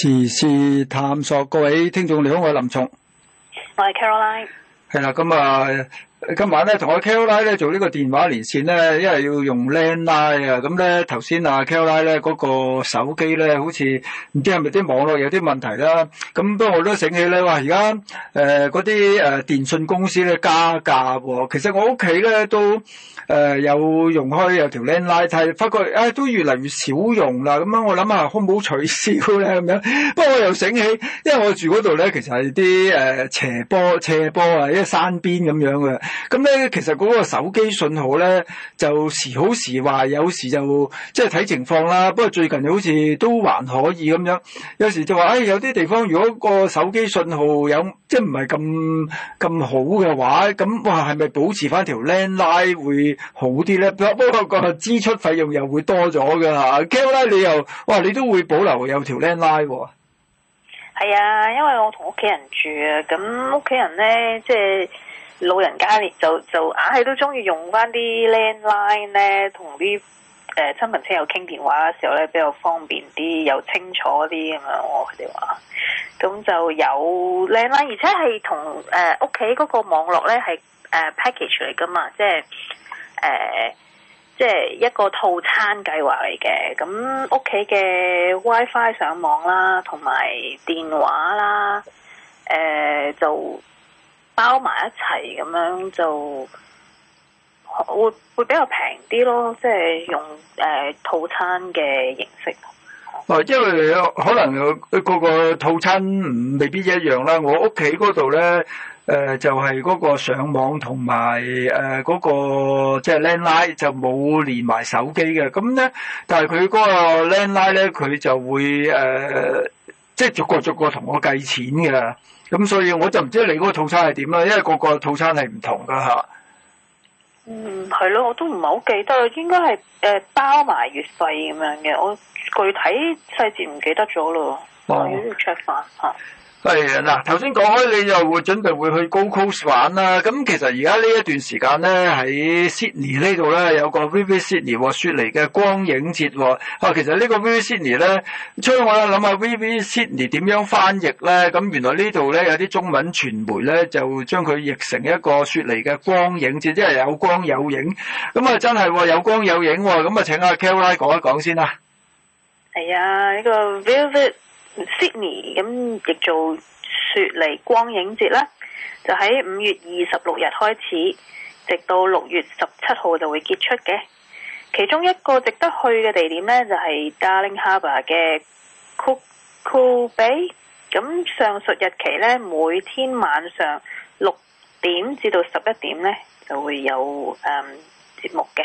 時事探索，各位聽眾你好，我係林松，我係 Caroline，係啦咁啊。今晚咧同阿 k e l i 呢咧做呢個電話連線咧，因為要用 landline 啊，咁咧頭先啊 k e l i 呢咧嗰、那個手機咧，好似唔知係咪啲網絡有啲問題啦。咁不過我都醒起咧，話而家誒嗰啲誒電信公司咧加價喎、哦。其實我屋企咧都誒、呃、有用開有條 landline，但係發覺啊、哎、都越嚟越少用啦。咁樣我諗下好唔好取消咧咁樣？不過我又醒起，因為我住嗰度咧，其實係啲誒斜坡斜坡啊，因為山邊咁樣嘅。咁咧、嗯，其實嗰個手機信號咧就時好時壞，有時就即係睇情況啦。不過最近好似都還可以咁樣。有時就話，哎，有啲地方如果個手機信號有即係唔係咁咁好嘅話，咁哇係咪保持翻條 land line 會好啲咧？不過個支出費用又會多咗㗎。嚇。其實咧你又哇，你都會保留有條 land line 喎？係啊，因為我同屋企人住啊，咁屋企人咧即係。就是老人家就就硬係都中意用翻啲 landline 咧，同啲誒親朋戚友傾電話嘅時候咧比較方便啲，又清楚啲咁樣，我佢哋話，咁就有 landline，而且係同誒屋企嗰個網絡咧係誒、呃、package 嚟噶嘛，即係誒即係一個套餐計劃嚟嘅。咁屋企嘅 WiFi 上網啦，同埋電話啦，誒、呃、就。包埋一齊咁樣就會會比較平啲咯即係用誒套餐嘅形式。哦，因為可能嗰個套餐未必一樣啦。我屋企嗰度咧，誒就係嗰個上網同埋誒嗰個即係 landline 就冇連埋手機嘅。咁咧，但係佢嗰個 landline 咧，佢就會誒即係逐個逐個同我計錢嘅。咁所以我就唔知你嗰個套餐係點啦，因為個個套餐係唔同噶吓，嗯，係咯，我都唔係好記得，應該係誒、呃、包埋月費咁樣嘅，我具體細節唔記得咗咯，我要 check 翻嚇。係啊，嗱、哎，頭先講開，你就會準備會去 Gold Coast 玩啦。咁其實而家呢一段時間咧，喺 Sydney 呢度咧有個 Vivid Sydney 和雪梨嘅光影節、哦。啊，其實這個 Vivid 呢個 Vivid Sydney 咧，所以我諗下 Vivid Sydney 點樣翻譯咧？咁原來這呢度咧有啲中文傳媒咧就將佢譯成一個雪梨嘅光影節，即係有光有影。咁啊，真係有光有影、哦。咁啊，請阿 Kelly 講一講先啦。係啊、哎、呢、這個 Vivid。Sydney 咁亦做雪梨光影節啦，就喺五月二十六日開始，直到六月十七號就會結束嘅。其中一個值得去嘅地點呢，就係、是、Darling Harbour 嘅 Cockle Bay。咁上述日期呢，每天晚上六點至到十一點呢，就會有、嗯、節目嘅。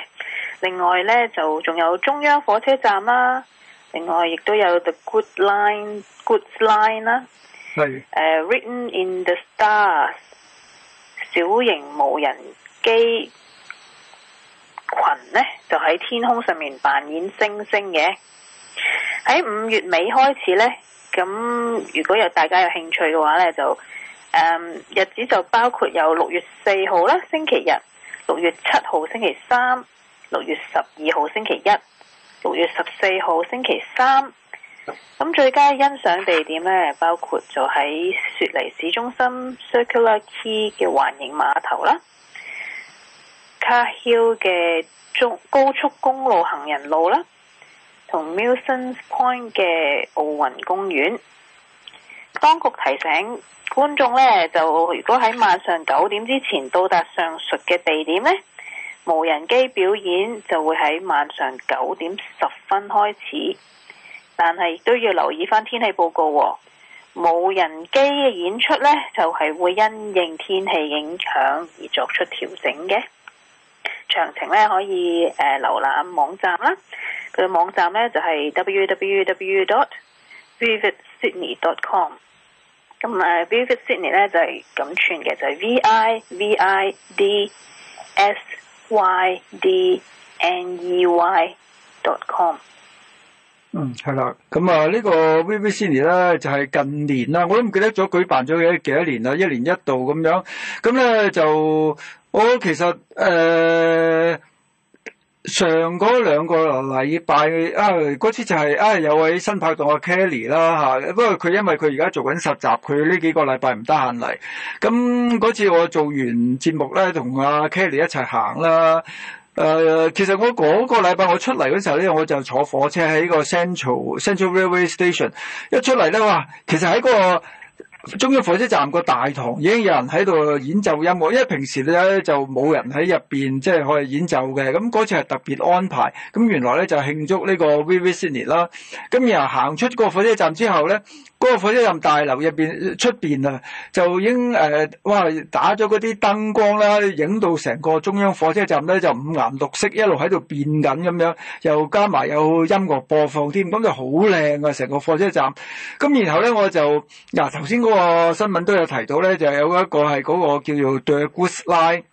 另外呢，就仲有中央火車站啦、啊。另外，亦都有 The Good Line、Good Line 啦。Uh, 係。Written in the Stars。小型無人機群咧，就喺天空上面扮演星星嘅。喺五月尾開始咧，咁如果有大家有興趣嘅話咧，就誒、um, 日子就包括有六月四號啦，星期日；六月七號，星期三；六月十二號，星期一。六月十四號星期三，咁最佳的欣賞地點咧，包括就喺雪梨市中心 Circular Quay 嘅環形碼頭啦，Cahill 嘅速高速公路行人路啦，同 Milsons Point 嘅奧運公園。當局提醒觀眾咧，就如果喺晚上九點之前到達上述嘅地點咧。無人機表演就會喺晚上九點十分開始，但係都要留意翻天氣報告。無人機嘅演出咧就係會因應天氣影響而作出調整嘅。詳情咧可以誒瀏覽網站啦，佢嘅網站咧就係 www dot vividsydney dot com，咁 vivid sydney 咧就係咁串嘅，就係 v i v i d s。y d n e y dot com。嗯，係啦，咁啊呢個 Vivid Sydney 咧就係、是、近年啦，我都唔記得咗舉辦咗幾幾多年啦，一年一度咁樣，咁咧就我其實誒。呃上嗰兩個禮拜啊，嗰、哎、次就係、是、啊、哎、有位新拍檔阿 Kelly 啦、啊、不過佢因為佢而家做緊實習，佢呢幾個禮拜唔得閒嚟。咁嗰次我做完節目咧，同阿、啊、Kelly 一齊行啦、呃。其實我嗰、那個禮拜我出嚟嗰時候咧，我就坐火車喺個 Central, Central Central Railway Station 一出嚟咧哇，其實喺、那個。中央火車站個大堂已經有人喺度演奏音樂，因為平時咧就冇人喺入邊，即係可以演奏嘅。咁次係特別安排，咁原來咧就慶祝呢個 Vivid Sydney 啦。咁然後行出個火車站之後咧，個火車站大樓入邊、出邊啊，面就已經誒，哇！打咗啲燈光啦，影到成個中央火車站咧就五顏六色，一路喺度變緊咁樣，又加埋有音樂播放添，咁就好靚啊！成個火車站。咁然後咧我就，嗱頭先個。個新聞都有提到咧，就有一個係嗰個叫做 Goods Line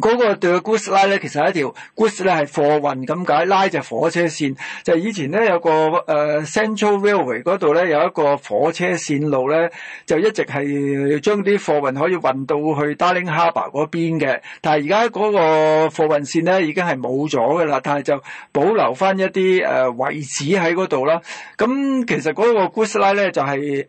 嗰個 Goods Line 咧，其實係一條 goods 咧係貨運咁解，拉就火車線，就是、以前咧有個、呃、Central Railway 嗰度咧有一個火車線路咧，就一直係將啲貨運可以運到去 Darling Harbour 嗰邊嘅。但係而家嗰個貨運線咧已經係冇咗噶啦，但係就保留翻一啲、呃、位置喺嗰度啦。咁其實嗰個 Goods Line 咧就係、是。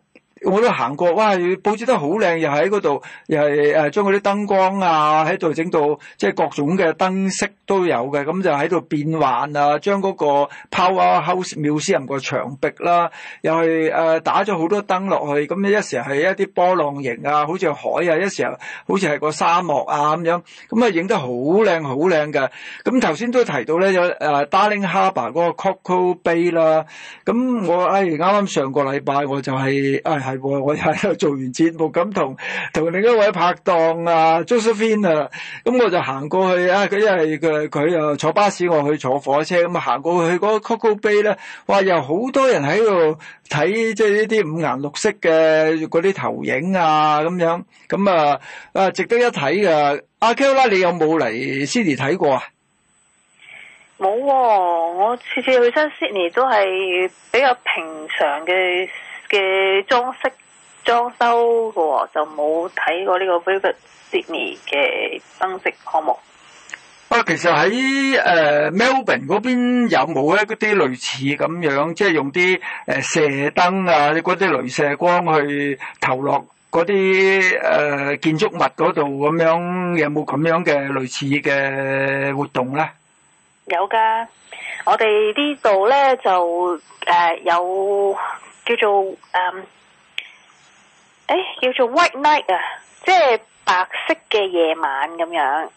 我都行過，哇！布置得好靚，又喺嗰度，又係誒將嗰啲燈光啊喺度整到，即係各種嘅燈飾都有嘅，咁就喺度變幻啊，將嗰個 Powerhouse Museum 個牆壁啦，又係誒打咗好多燈落去，咁一時係一啲波浪形啊，好似海啊，一時候好似係個沙漠啊咁樣，咁啊影得好靚好靚嘅。咁頭先都提到咧，有誒 Darling Harbour 嗰個 Coco Bay 啦，咁我誒啱啱上個禮拜我就係誒。哎係我又喺度做完節目咁，同同另一位拍檔啊，Josephine 啊，咁、啊嗯、我就行過去啊，佢因為佢佢又坐巴士，我去坐火車，咁、嗯、行過去嗰個 Coco Bay 咧、啊，哇，又好多人喺度睇，即係呢啲五顏六色嘅嗰啲投影啊，咁樣，咁、嗯、啊，啊，值得一睇啊。阿 Kel 啦，你有冇嚟 City 睇過啊？冇喎、啊，我次次去新 Sydney 都係比較平常嘅嘅裝飾裝修喎，就冇睇過呢個 Vivid Sydney 嘅燈飾項目。啊，其實喺、呃、Melbourne 嗰邊有冇一嗰啲類似咁樣，即、就、係、是、用啲、呃、射燈啊，嗰啲雷射光去投落嗰啲建築物嗰度咁樣，有冇咁樣嘅類似嘅活動咧？有噶，我哋呢度呢，就誒、呃、有叫做、嗯、誒，叫做 White Night 啊，即係白色嘅夜晚咁樣。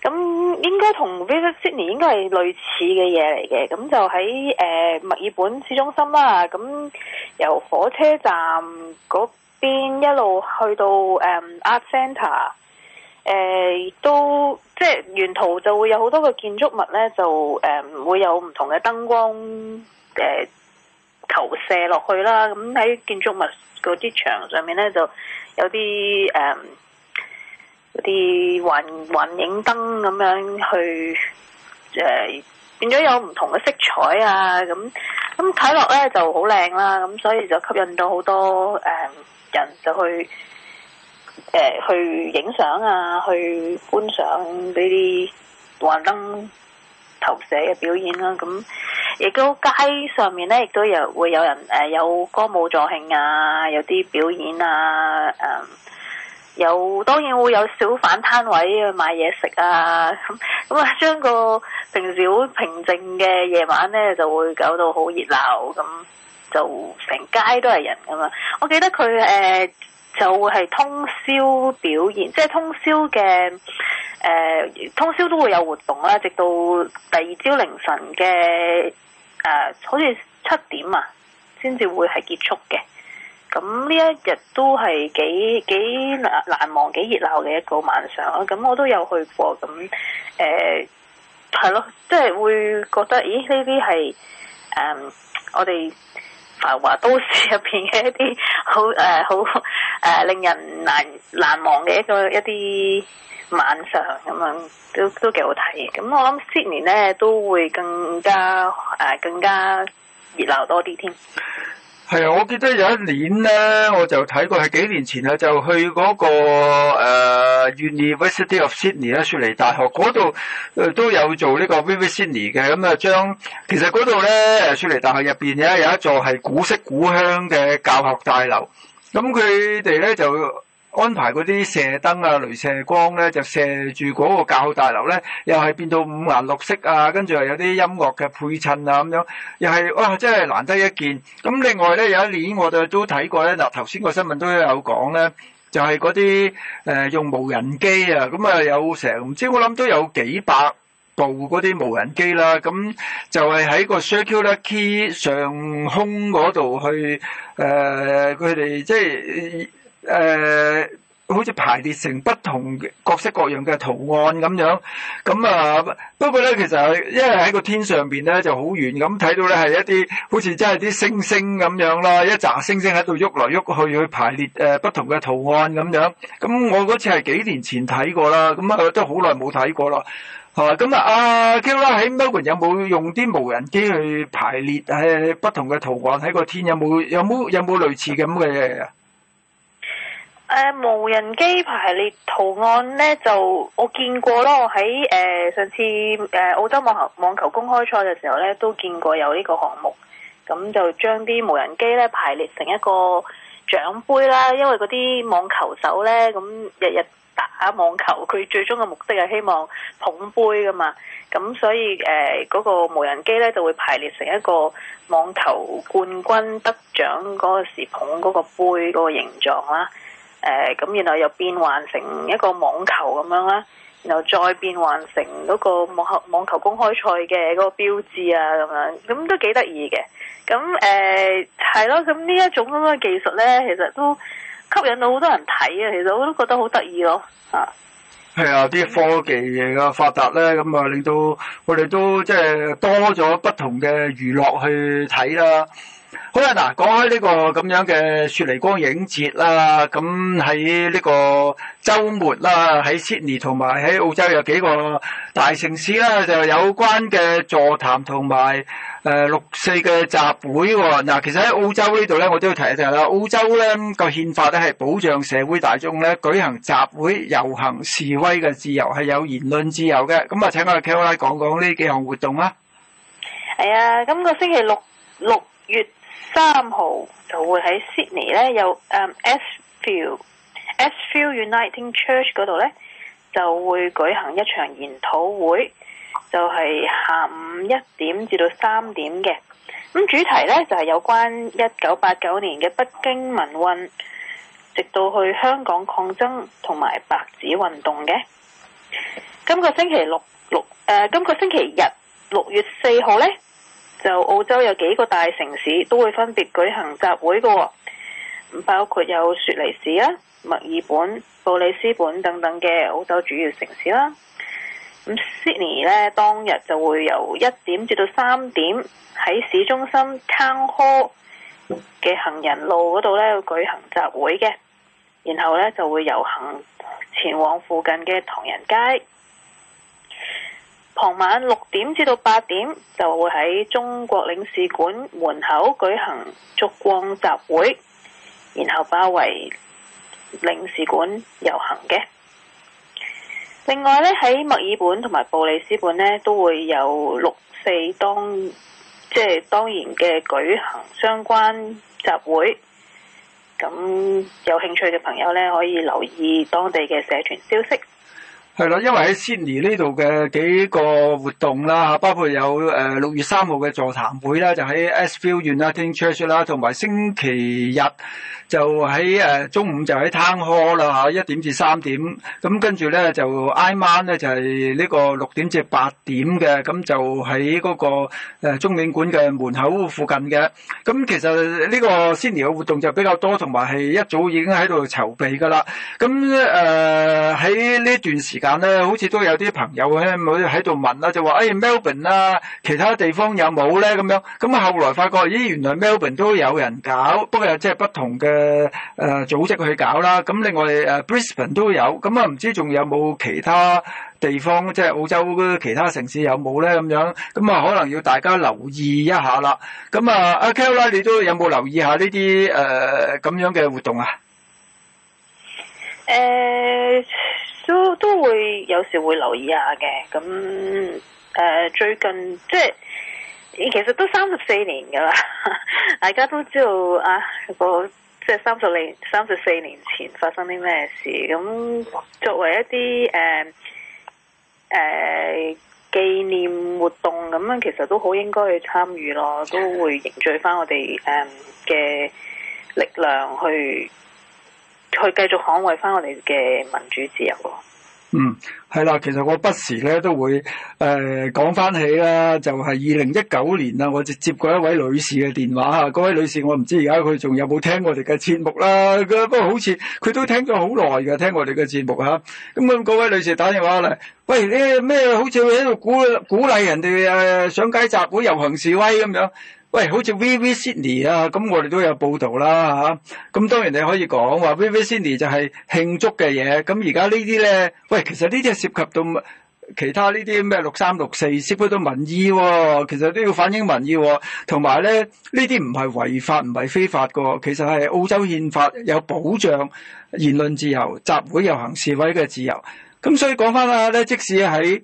咁、嗯、應該同 Vivid Sydney 應該係類似嘅嘢嚟嘅。咁、嗯、就喺誒墨爾本市中心啦。咁、啊嗯、由火車站嗰邊一路去到誒、嗯、Art Centre 誒、呃，都即係沿途就會有好多個建築物咧，就誒、呃、會有唔同嘅燈光誒、呃、投射落去啦。咁喺建築物嗰啲牆上面咧，就有啲誒啲幻幻影燈咁樣去誒、呃、變咗有唔同嘅色彩啊！咁咁睇落咧就好靚啦。咁所以就吸引到好多誒、呃、人就去。誒、呃，去影相啊，去觀賞呢啲幻燈投射嘅表演啦、啊。咁、嗯、亦都街上面咧，亦都有會有人誒、呃，有歌舞助興啊，有啲表演啊，誒、嗯，有當然會有小販攤位去買嘢食啊。咁咁啊，將、嗯嗯、個平時好平靜嘅夜晚咧，就會搞到好熱鬧。咁、嗯、就成街都係人噶嘛、嗯。我記得佢誒。呃就會係通宵表演，即係通宵嘅，誒，通宵都會有活動啦，直到第二朝凌晨嘅，誒，好似七點啊，先至會係結束嘅。咁呢一日都係幾幾難忘、幾熱鬧嘅一個晚上啊！咁我都有去過，咁，誒，係咯，即係會覺得，咦，呢啲係，誒，我哋。啊！都市入面嘅一啲好、呃、好、呃、令人難、難忘嘅一個一啲晚上咁樣，都都幾好睇嘅。咁我諗 Sydney 咧都會更加、呃、更加熱鬧多啲添。係啊，我記得有一年咧，我就睇過，係幾年前啦，就去嗰、那個誒、uh,，University of Sydney 啦，雪梨大學嗰度誒都有做呢個 Vivid Sydney 嘅，咁啊將，其實嗰度咧，雪梨大學入邊咧有一座係古色古香嘅教學大樓，咁佢哋咧就。安排嗰啲射燈啊、鐳射光咧，就射住嗰個教學大樓咧，又係變到五顏六色啊，跟住又有啲音樂嘅配襯啊，咁樣又係哇，真係難得一見。咁另外咧，有一年我哋都睇過咧，嗱頭先個新聞都有講咧，就係嗰啲用無人機啊，咁啊有成唔知我諗都有幾百部嗰啲無人機啦，咁就係喺個 Circular Quay 上空嗰度去誒，佢、呃、哋即係。誒、呃，好似排列成不同各式各樣嘅圖案咁樣，咁啊，不過咧，其實係因為喺個天上邊咧就好遠，咁睇到咧係一啲好似真係啲星星咁樣啦，一扎星星喺度喐來喐去，去排列、呃、不同嘅圖案咁樣。咁我嗰次係幾年前睇過啦，咁啊都好耐冇睇過啦，係嘛？咁啊，阿 Kira 喺 Melbourne 有冇用啲無人機去排列誒、呃、不同嘅圖案？喺個天有冇有冇有冇類似咁嘅嘢啊？誒，無人機排列圖案咧，就我見過咯。喺誒、呃、上次誒澳洲網球網球公開賽嘅時候咧，都見過有呢個項目。咁就將啲無人機咧排列成一個獎盃啦。因為嗰啲網球手咧，咁日日打網球，佢最終嘅目的係希望捧盃噶嘛。咁所以誒嗰、呃那個無人機咧就會排列成一個網球冠軍得獎嗰時捧嗰個盃個形狀啦。誒，咁、嗯、然後又變換成一個網球咁樣啦，然後再變換成嗰個網球網球公開賽嘅嗰個標誌啊，咁樣，咁、嗯、都幾得意嘅。咁、嗯、誒，係、嗯、咯，咁呢、嗯、一種咁嘅技術咧，其實都吸引到好多人睇啊。其實我都覺得好得意咯。啊，係啊、嗯，啲科技嘅發達咧，咁啊令到我哋都即係多咗不同嘅娛樂去睇啦。好啦，嗱，講開呢個咁樣嘅雪梨光影節啦，咁喺呢個周末啦，喺悉尼同埋喺澳洲有幾個大城市啦，就有關嘅座談同埋誒六四嘅集會。嗱，其實喺澳洲這裡呢度咧，我都要提一提啦。澳洲咧個憲法咧係保障社會大眾咧舉行集會、遊行示威嘅自由，係有言論自由嘅。咁啊，請我嘅 Kelly 講講呢幾項活動啦。係啊，今個星期六六月三號就會喺 Sydney 咧有誒 S View S ville Uniting Church 嗰度咧就會舉行一場研討會，就係下午一點至到三點嘅。咁主題咧就係有關一九八九年嘅北京民運，直到去香港抗爭同埋白紙運動嘅。今個星期六六誒、呃，今個星期日六月四號咧，就澳洲有幾個大城市都會分別舉行集會嘅，咁包括有雪梨市啊、墨爾本、布里斯本等等嘅澳洲主要城市啦。Sydney 咧當日就會由一點至到三點喺市中心 Town Hall 嘅行人路嗰度咧要舉行集會嘅，然後咧就會遊行前往附近嘅唐人街。傍晚六點至到八點，就會喺中國領事館門口舉行燭光集會，然後包圍領事館遊行嘅。另外咧，喺墨爾本同埋布里斯本呢，都會有六四當即係、就是、當然嘅舉行相關集會。咁有興趣嘅朋友咧，可以留意當地嘅社團消息。係啦，因為喺 Sydney 呢度嘅幾個活動啦，包括有誒六月三號嘅座談會啦，就喺 Ashfield 啦，Uniting Church 啦，同埋星期日就喺誒中午就喺 Town Hall 啦，吓一點至三點，咁跟住咧就挨晚咧就係呢個六點至八點嘅，咁就喺嗰個誒中領館嘅門口附近嘅。咁其實呢個 Sydney 嘅活動就比較多，同埋係一早已經喺度籌備噶啦。咁誒喺呢段時，但咧，好似都有啲朋友咧，喺喺度問啦，就話：，誒 Melbourne 啊，其他地方有冇咧？咁樣咁啊，後來發覺咦，原來 Melbourne 都有人搞，不過有即係不同嘅誒組織去搞啦。咁另外誒 Brisbane 都有，咁啊，唔知仲有冇其他地方，即係澳洲嘅其他城市有冇咧？咁樣咁啊，可能要大家留意一下啦。咁啊，阿 Kelly，你都有冇留意下呢啲誒咁樣嘅活動啊？誒。都都會有時會留意一下嘅，咁誒、呃、最近即係其實都三十四年㗎啦，大家都知道啊，個即係三十年三十四年前發生啲咩事，咁作為一啲誒誒紀念活動咁樣，其實都好應該去參與咯，都會凝聚翻我哋誒嘅力量去。去繼續捍衞翻我哋嘅民主自由。嗯，係啦，其實我不時咧都會誒、呃、講翻起啦，就係二零一九年啦，我就接過一位女士嘅電話嚇。嗰位女士我唔知而家佢仲有冇聽我哋嘅節目啦。不過好似佢都聽咗好耐㗎。聽我哋嘅節目嚇。咁啊，嗰、那個、位女士打電話嚟，喂，你咩好似喺度鼓鼓勵人哋誒上街集會遊行示威咁樣。喂，好似 Vivid Sydney 啊，咁我哋都有報道啦嚇。咁當然你可以講話 Vivid Sydney 就係慶祝嘅嘢。咁而家呢啲咧，喂，其實呢啲係涉及到其他呢啲咩六三六四，涉及到民意、哦，其實都要反映民意、哦。同埋咧，呢啲唔係違法，唔係非法喎。其實係澳洲憲法有保障言論自由、集會遊行示威嘅自由。咁所以講翻啦咧，即使喺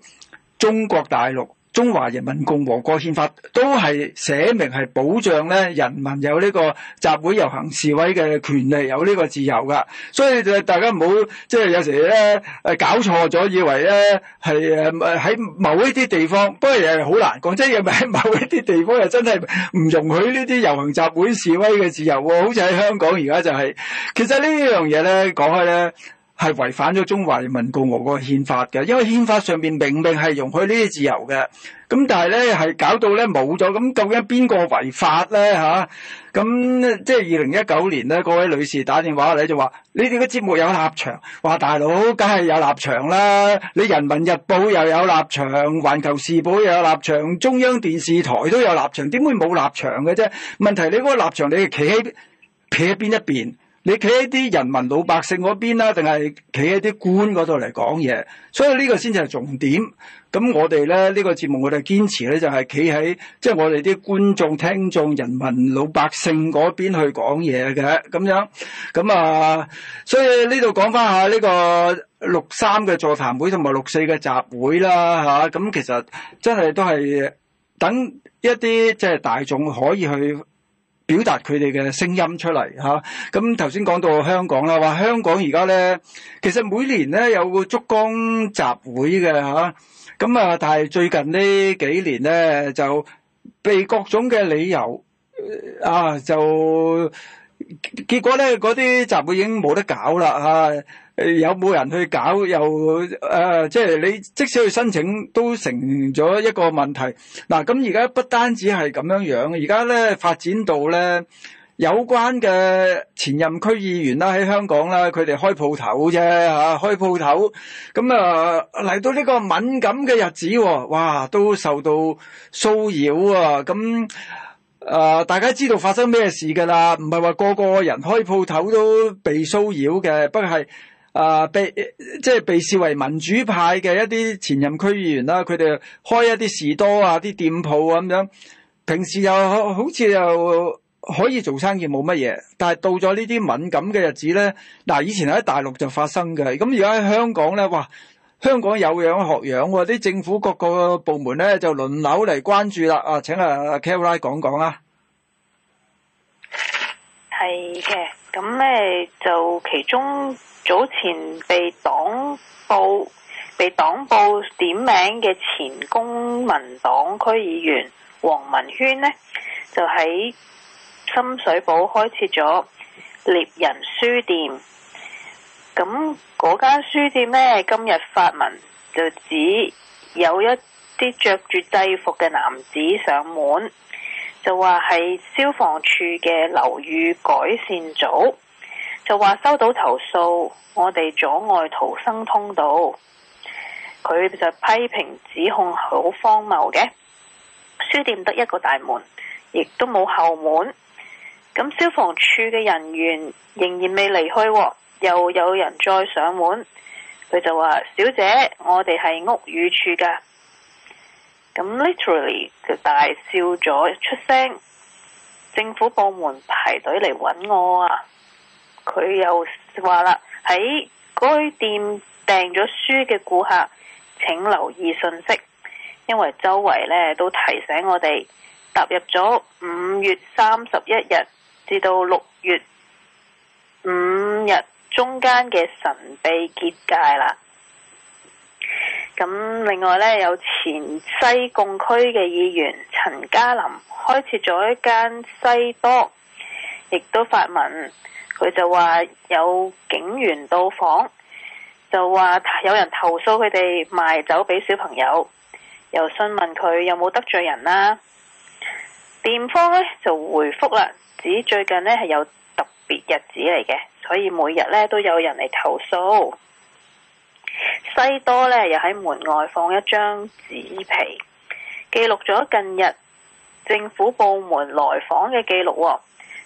中國大陸。中華人民共和國憲法都係寫明係保障咧人民有呢個集會遊行示威嘅權利，有呢個自由噶。所以就大家唔好即係有時咧誒搞錯咗，以為咧係誒喺某一啲地方，不過又係好難講，即係唔係喺某一啲地方又真係唔容許呢啲遊行集會示威嘅自由喎？好似喺香港而家就係，其實呢一樣嘢咧講開咧。係違反咗中華人民共和國的憲法嘅，因為憲法上邊明明係容許呢啲自由嘅，咁但係咧係搞到咧冇咗，咁究竟邊個違法咧吓，咁、啊、即係二零一九年咧，各位女士打電話嚟就話：你哋嘅節目有立場，話大佬梗係有立場啦，你人民日報又有立場，環球時報又有立場，中央電視台都有立場，點會冇立場嘅啫？問題是你嗰個立場，你企喺企喺邊一邊？你企喺啲人民老百姓嗰邊啦，定係企喺啲官嗰度嚟講嘢？所以呢個先至係重點。咁我哋咧呢個節目，我哋堅持咧就係企喺即係我哋啲觀眾、聽眾、人民老百姓嗰邊去講嘢嘅咁樣。咁啊，所以呢度講翻下呢個六三嘅座談會同埋六四嘅集會啦，吓、啊，咁其實真係都係等一啲即係大眾可以去。表達佢哋嘅聲音出嚟嚇，咁頭先講到香港啦，話香港而家咧，其實每年咧有個燭光集會嘅嚇，咁啊，但係最近呢幾年咧就被各種嘅理由啊，就結果咧嗰啲集會已經冇得搞啦嚇。啊有冇人去搞又誒、呃？即係你即使去申請都成咗一個問題。嗱、啊，咁而家不單止係咁樣樣，而家咧發展到咧有關嘅前任區議員啦，喺香港啦，佢哋開鋪頭啫嚇、啊，開鋪頭咁啊，嚟到呢個敏感嘅日子喎、哦，哇，都受到騷擾啊！咁啊，大家知道發生咩事㗎啦？唔係話個個人開鋪頭都被騷擾嘅，不過係。啊，被即係被視為民主派嘅一啲前任區議員啦，佢哋開一啲士多啊、啲店鋪啊咁樣，平時又好似又可以做生意冇乜嘢，但係到咗呢啲敏感嘅日子咧，嗱、啊，以前喺大陸就發生嘅，咁而家喺香港咧，哇，香港有樣學樣喎，啲政府各個部門咧就輪流嚟關注啦，啊，請阿 Kelly 講講啦。Like 說說。係嘅，咁咧就其中早前被黨報被黨報點名嘅前公民黨區議員黃文軒呢，就喺深水埗開設咗獵人書店。咁嗰間書店呢，今日發文就指有一啲着住制服嘅男子上門。就話係消防處嘅樓宇改善組，就話收到投訴，我哋阻礙逃生通道。佢就批評指控好荒謬嘅，書店得一個大門，亦都冇後門。咁消防處嘅人員仍然未離開，又有人再上門。佢就話：小姐，我哋係屋宇處噶。咁 literally 就大笑咗出聲，政府部門排隊嚟揾我啊！佢又話啦，喺該店訂咗書嘅顧客，請留意信息，因為周圍呢都提醒我哋踏入咗五月三十一日至到六月五日中間嘅神秘結界啦。咁另外咧，有前西貢區嘅議員陳嘉林開設咗一間西多，亦都發文，佢就話有警員到訪，就話有人投訴佢哋賣酒俾小朋友，又詢問佢有冇得罪人啦、啊。店方咧就回覆啦，指最近呢係有特別日子嚟嘅，所以每日咧都有人嚟投訴。西多咧，又喺門外放一張紙皮，記錄咗近日政府部門來訪嘅記錄。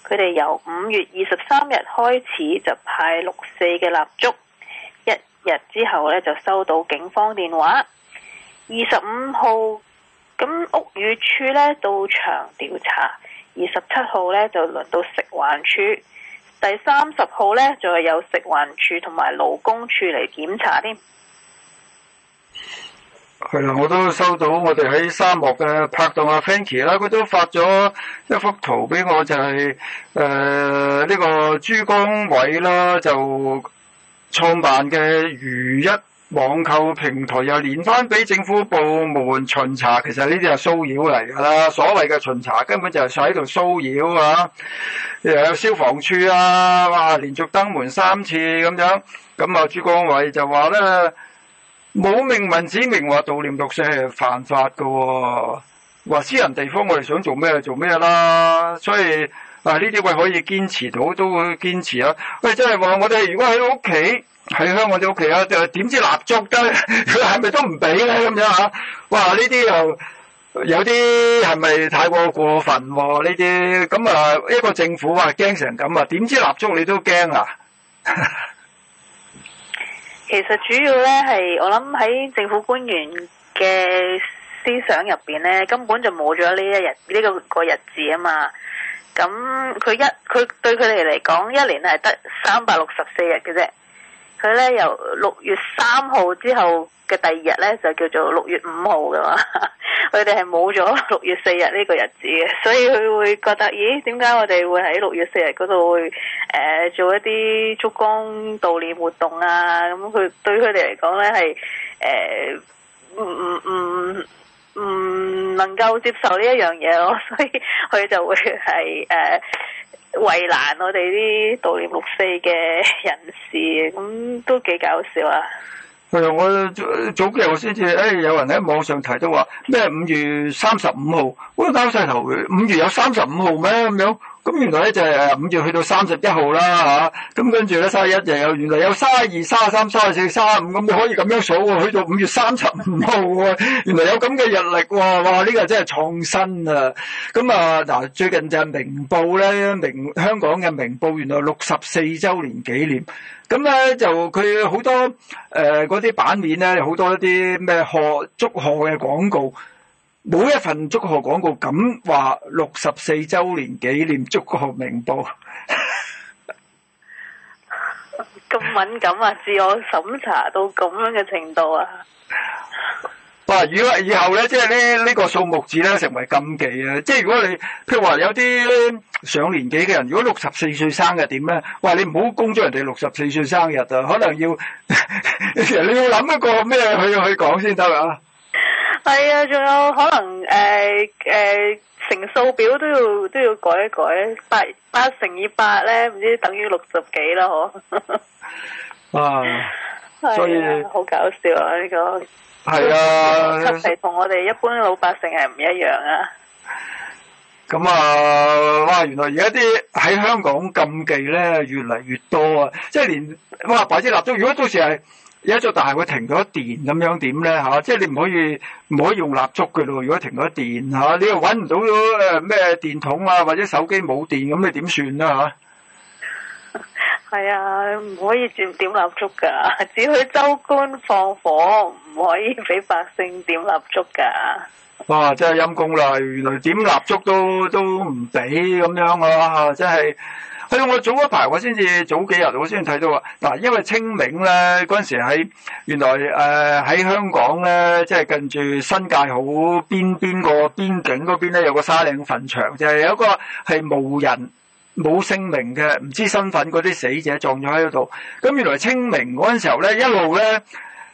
佢哋由五月二十三日開始就派六四嘅蠟燭，一日之後呢就收到警方電話。二十五號，咁屋宇處呢到場調查，二十七號呢就輪到食環處。第三十號呢咧，就係有食環署同埋勞工處嚟檢查添。係啦，我都收到我哋喺沙漠嘅拍檔阿 Fancy 啦，佢都發咗一幅圖俾我，就係誒，呢個珠江委啦，就創辦嘅如一。網購平台又連番俾政府部門巡查，其實呢啲係騷擾嚟噶啦。所謂嘅巡查根本就係喺度騷擾啊！又有消防處啊，哇，連續登門三次咁樣，咁啊朱江瑋就話咧，冇明文指明話悼念六四係犯法噶、啊，話私人地方我哋想做咩做咩啦。所以啊，呢啲位可以堅持到都會堅持啊。喂，即係話我哋如果喺屋企。喺香港啲屋企啊，就點知蠟燭都佢係咪都唔俾咧咁樣嚇？哇！呢啲又有啲係咪太過過分喎、啊？呢啲咁啊一個政府啊，驚成咁啊，點知蠟燭你都驚啊？ 其實主要咧係我諗喺政府官員嘅思想入邊咧，根本就冇咗呢一日呢、呢個個日子啊嘛。咁佢一佢對佢哋嚟講，一年係得三百六十四日嘅啫。佢咧由六月三號之後嘅第二日咧就叫做六月五號㗎嘛，佢哋係冇咗六月四日呢個日子嘅，所以佢會覺得咦，點解我哋會喺六月四日嗰度會誒、呃、做一啲燭光悼念活動啊？咁佢對佢哋嚟講咧係誒唔唔唔唔能夠接受呢一樣嘢咯，所以佢就會係誒。呃為難我哋啲悼念六四嘅人士，咁都幾搞笑啊！係啊，我早幾日我先至，誒有人喺網上提到話咩五月三十五號，喂、哎，交晒頭，五月有三十五號咩咁樣？咁原來咧就係誒五月去到三十一號啦嚇，咁跟住咧三一日有 32, 33, 34, 35，原來有三二、三三、三四、三五咁，你可以咁樣數去到五月三十五號啊，原來有咁嘅日曆喎，哇！呢、這個真係創新啊！咁啊嗱，最近就係明報咧明香港嘅明報，明報原來六十四週年紀念，咁咧就佢好多誒嗰啲版面咧，好多一啲咩賀祝賀嘅廣告。每一份祝賀廣告咁話，六十四周年紀念祝賀明報咁 敏感啊，自我審查到咁樣嘅程度啊！哇！ 如果以後咧，即係呢呢個數目字咧成為禁忌啊！即係如果你譬如話有啲上年紀嘅人，如果六十四歲生日點咧？哇！你唔好恭祝人哋六十四歲生日啊！可能要 你要諗一個咩，去去講先得啊！係啊，仲有可能誒誒、呃呃呃，乘數表都要都要改一改，八八乘以八咧，唔知等於六十幾啦，嗬。啊，所以好、哎、搞笑啊呢、呢個。係啊。係同、就是呃、我哋一般老百姓係唔一樣啊。咁啊，哇！原來而家啲喺香港禁忌咧越嚟越多啊，即係連哇，擺啲蠟燭如果到時係。有一座大廈，我停咗電咁樣，點咧吓？即係你唔可以，唔可以用蠟燭嘅咯。如果停咗電吓，你又搵唔到咗誒咩電筒啊，或者手機冇電，咁你點算咧吓？係啊，唔可以點點蠟燭噶，只許州官放火，唔可以俾百姓點蠟燭噶。哇！真係陰公啦，原來點蠟燭都都唔俾咁樣啊！真係。係我早嗰排，我先至早幾日，我先至睇到啊。嗱，因為清明咧嗰陣時喺原來誒喺香港咧，即係近住新界好邊邊個邊境嗰邊咧，有個沙嶺墳場，就係有一個係無人冇姓名嘅，唔知身份嗰啲死者葬咗喺度。咁原來清明嗰陣時候咧，一路咧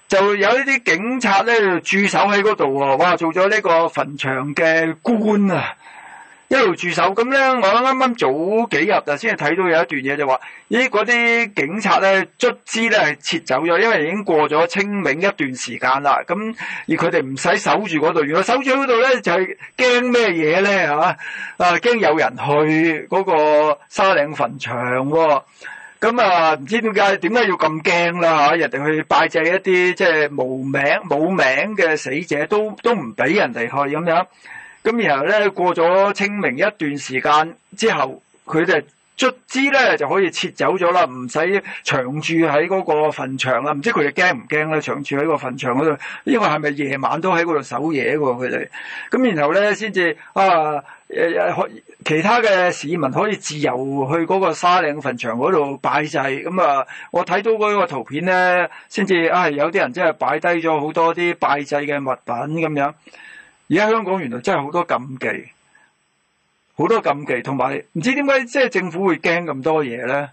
就有呢啲警察咧駐守喺嗰度喎，哇！做咗呢個墳場嘅官啊！一路駐守。咁咧，我啱啱早幾日就先係睇到有一段嘢就話，咦，嗰啲警察咧卒之咧係撤走咗，因為已經過咗清明一段時間啦。咁而佢哋唔使守住嗰度，原來守住嗰度咧就係驚咩嘢咧？係嘛，啊驚有人去嗰個沙嶺墳場喎、啊。咁啊唔知點解點解要咁驚啦？嚇人哋去拜祭一啲即係無名冇名嘅死者都都唔俾人哋去咁樣。咁然後咧過咗清明一段時間之後，佢哋卒之咧就可以撤走咗啦，唔使長住喺嗰個墳場啦。唔知佢哋驚唔驚咧？長住喺個墳場嗰度，因為係咪夜晚都喺嗰度守夜嘅喎佢哋？咁然後咧先至啊，誒誒，其他嘅市民可以自由去嗰個沙嶺墳場嗰度拜祭。咁啊，我睇到嗰個圖片咧，先至啊，有啲人真係擺低咗好多啲拜祭嘅物品咁樣。而家香港原來真係好多禁忌，好多禁忌，同埋唔知點解即係政府會驚咁多嘢咧？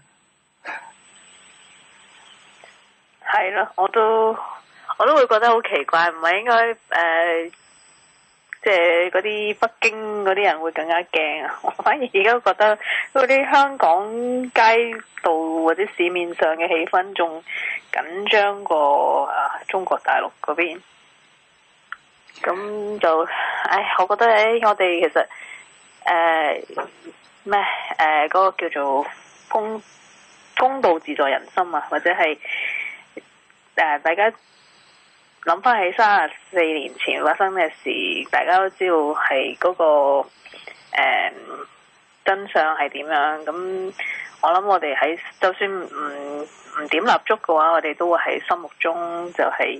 係咯，我都我都會覺得好奇怪，唔係應該誒，即係嗰啲北京嗰啲人會更加驚啊！我反而而家覺得嗰啲香港街道或者市面上嘅氣氛仲緊張過啊、呃、中國大陸嗰邊。咁就，唉，我覺得，唉，我哋其實，誒、呃、咩？誒，嗰、呃個叫做公公道自在人心啊，或者係誒、呃、大家諗翻起三十四年前發生咩事，大家都知道係嗰、個誒、呃、真相係點樣。咁我諗我哋喺就算唔唔點蠟燭嘅話，我哋都會喺心目中就係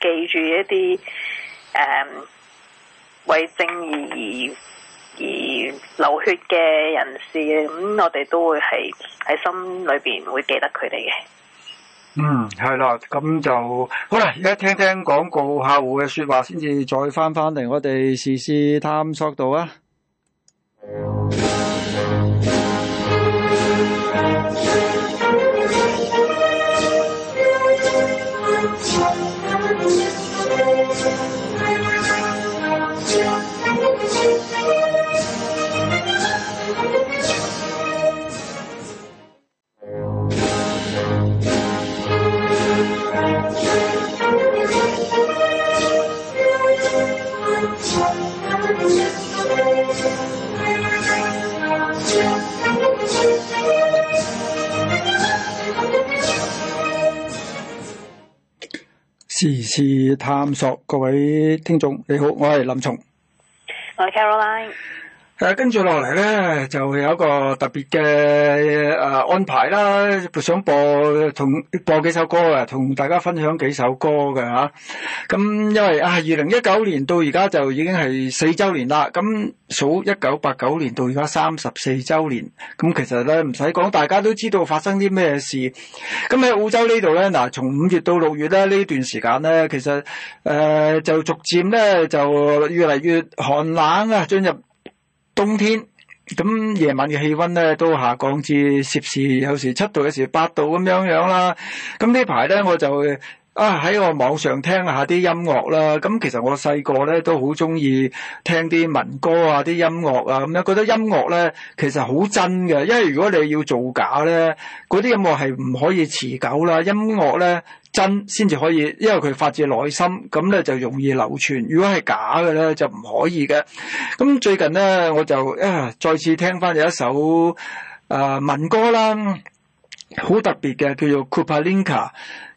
記住一啲誒，um, 為正義而，而流血嘅人士，咁我哋都會係喺心裏邊會記得佢哋嘅。嗯，係啦，咁就好啦。而家聽聽廣告客戶嘅說話先至再翻翻嚟，我哋時事探索度啊。時事探索，各位聽眾你好，我係林松，我係 Caroline。誒、啊，跟住落嚟咧，就有一個特別嘅，誒安排啦，想播同播幾首歌嘅，同大家分享幾首歌嘅吓、啊。咁、啊、因為啊，二零一九年到而家就已經係四周年啦。咁數一九八九年到而家三十四周年。咁其實咧唔使講，大家都知道發生啲咩事。咁喺澳洲呢度咧，嗱、啊，從五月到六月咧呢段時間咧，其實誒、呃、就逐漸咧就越嚟越寒冷啊，進入。冬天咁夜晚嘅氣温咧都下降至攝氏有時七度、有時八度咁樣樣啦。咁呢排咧我就啊喺我網上聽下啲音樂啦。咁其實我細個咧都好中意聽啲民歌啊、啲音樂啊咁樣。覺得音樂咧其實好真嘅，因為如果你要造假咧，嗰啲音樂係唔可以持久啦。音樂咧。真先至可以，因為佢發自內心，咁咧就容易流傳，如果係假嘅咧，就唔可以嘅。咁最近咧，我就誒再次聽翻有一首誒民、呃、歌啦，好特別嘅，叫做 Kupalinka。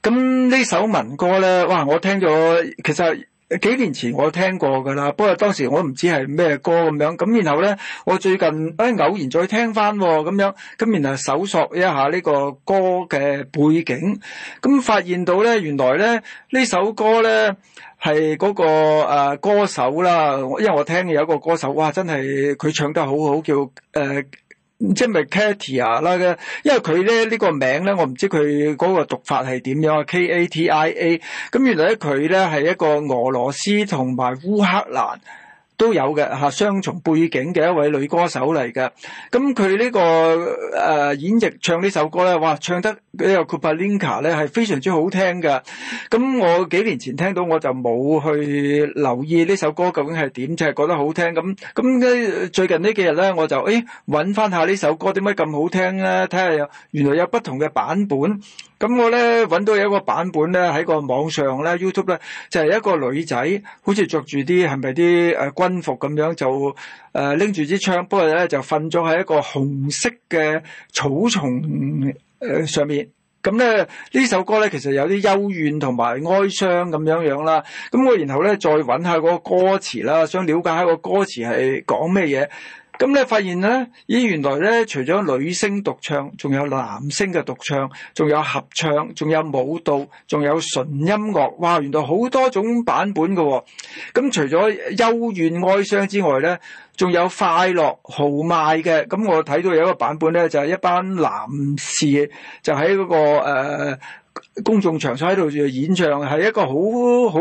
咁呢首民歌咧，哇！我聽咗其實。幾年前我聽過㗎啦，不過當時我唔知係咩歌咁樣。咁然後咧，我最近咧、哎、偶然再聽翻喎、哦，咁樣咁然後搜索一下呢個歌嘅背景，咁發現到咧原來咧呢首歌咧係嗰個、呃、歌手啦。因為我聽有一個歌手，哇真係佢唱得好好，叫、呃即係咪 Katia 啦嘅？因為佢咧呢個名咧，我唔知佢嗰個讀法係點樣啊，K-A-T-I-A。咁原來咧佢咧係一個俄羅斯同埋烏克蘭。都有嘅嚇，雙重背景嘅一位女歌手嚟嘅。咁佢呢個誒演繹唱呢首歌咧，哇，唱得呢個 Kupalinka 咧係非常之好聽嘅。咁我幾年前聽到，我就冇去留意呢首歌究竟係點，只係覺得好聽。咁咁最近呢幾日咧，我就誒揾翻下呢首歌點解咁好聽咧？睇下有原來有不同嘅版本。咁我咧揾到有一個版本咧喺個網上咧 YouTube 咧就係、是、一個女仔，好似着住啲係咪啲誒軍服咁樣就誒拎住支槍，不過咧就瞓咗喺一個紅色嘅草叢誒、呃、上面。咁咧呢首歌咧其實有啲幽怨同埋哀傷咁樣樣啦。咁我然後咧再揾下嗰個歌詞啦，想了解下個歌詞係講咩嘢。咁咧發現咧，咦原來咧除咗女聲獨唱，仲有男聲嘅獨唱，仲有合唱，仲有舞蹈，仲有純音樂。哇，原來好多種版本嘅喎、哦。咁除咗幽怨哀傷之外咧，仲有快樂豪邁嘅。咁我睇到有一個版本咧，就係、是、一班男士就喺嗰、那個、呃公眾場所喺度演唱，係一個好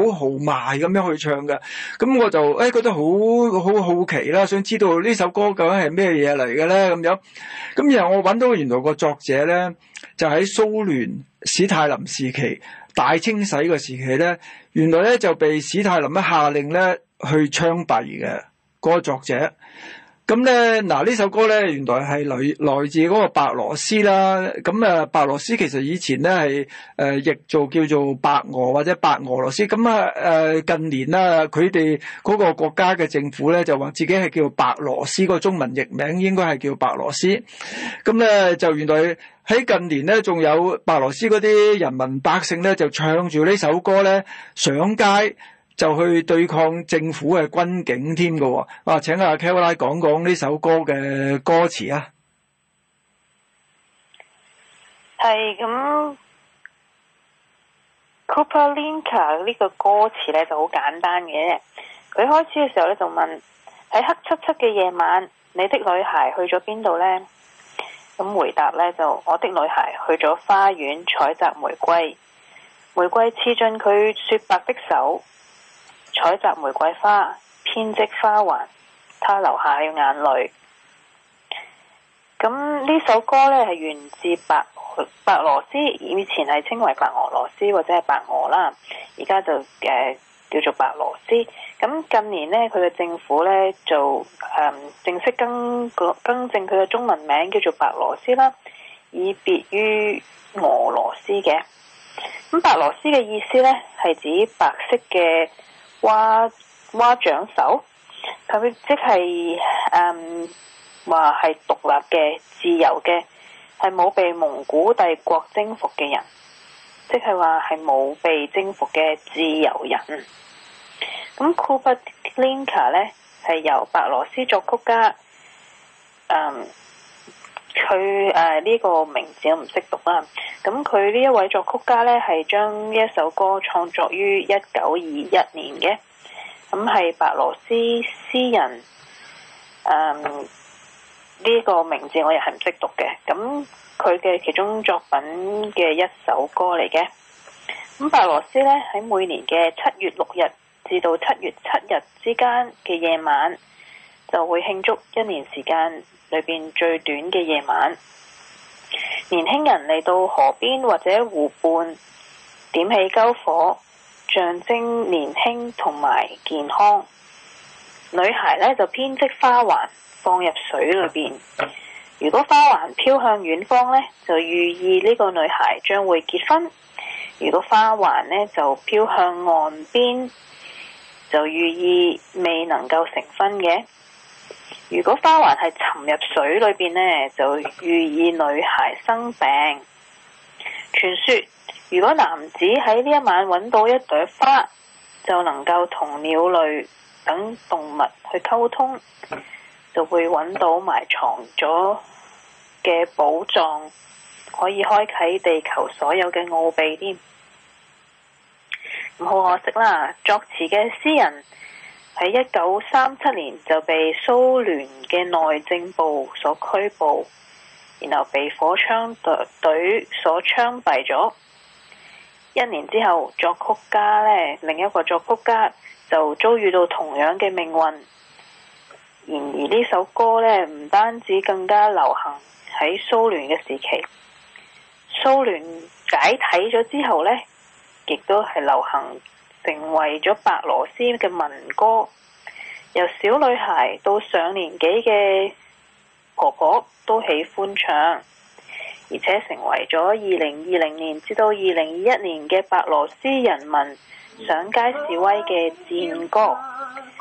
好豪邁咁樣去唱嘅。咁我就誒、哎、覺得好好好奇啦，想知道呢首歌究竟係咩嘢嚟嘅咧？咁樣，咁然後我揾到原來個作者咧，就喺蘇聯史泰林時期大清洗個時期咧，原來咧就被史泰林咧下令咧去槍斃嘅嗰個作者。咁咧，嗱呢首歌咧，原來係來來自嗰個白羅斯啦。咁啊，白羅斯其實以前咧係譯做叫做白俄或者白俄羅斯。咁啊、呃，近年啦，佢哋嗰個國家嘅政府咧就話自己係叫白羅斯，個中文譯名應該係叫白羅斯。咁咧就原來喺近年咧，仲有白羅斯嗰啲人民百姓咧就唱住呢首歌咧上街。就去對抗政府嘅軍警添㗎喎。請阿 Kelvin 講講呢首歌嘅歌詞啊，係咁 Kupalinka 呢個歌詞咧就好簡單嘅。佢開始嘅時候咧就問：喺黑漆漆嘅夜晚，你的女孩去咗邊度呢？咁回答咧就：我的女孩去咗花園採摘玫瑰，玫瑰刺進佢雪白的手。採摘玫瑰花，編織花環，他流下眼淚。咁呢首歌呢，係源自白白羅斯，以前係稱為白俄羅斯或者係白俄啦，而家就誒、呃、叫做白羅斯。咁近年呢，佢嘅政府呢，就誒、呃、正式更更正佢嘅中文名叫做白羅斯啦，以別於俄羅斯嘅。咁白羅斯嘅意思呢，係指白色嘅。哇，哇掌手，咁即係嗯，話係獨立嘅，自由嘅，係冇被蒙古帝國征服嘅人，即係話係冇被征服嘅自由人。咁 Kubatlinka 咧係由白羅斯作曲家，嗯佢誒呢個名字我唔識讀啦，咁佢呢一位作曲家呢，係將呢一首歌創作於一九二一年嘅，咁係白羅斯詩人，誒、嗯、呢、這個名字我又係唔識讀嘅，咁佢嘅其中作品嘅一首歌嚟嘅。咁白羅斯呢，喺每年嘅七月六日至到七月七日之間嘅夜晚。就會慶祝一年時間裏邊最短嘅夜晚。年輕人嚟到河邊或者湖畔，點起篝火，象徵年輕同埋健康。女孩呢就編織花環放入水裏邊。如果花環飄向遠方呢，就寓意呢個女孩將會結婚；如果花環呢就飄向岸邊，就寓意未能夠成婚嘅。如果花環係沉入水裏邊呢，就寓意女孩生病。傳說如果男子喺呢一晚揾到一朵花，就能夠同鳥類等動物去溝通，就會揾到埋藏咗嘅寶藏，可以開啟地球所有嘅奧秘添。唔好可惜啦，作詞嘅詩人。喺一九三七年就被蘇聯嘅內政部所拘捕，然後被火槍隊所槍斃咗。一年之後，作曲家呢，另一個作曲家就遭遇到同樣嘅命運。然而呢首歌呢，唔單止更加流行喺蘇聯嘅時期，蘇聯解體咗之後呢，亦都係流行。成為咗白羅斯嘅民歌，由小女孩到上年紀嘅婆婆都喜歡唱，而且成為咗二零二零年至到二零二一年嘅白羅斯人民上街示威嘅戰歌。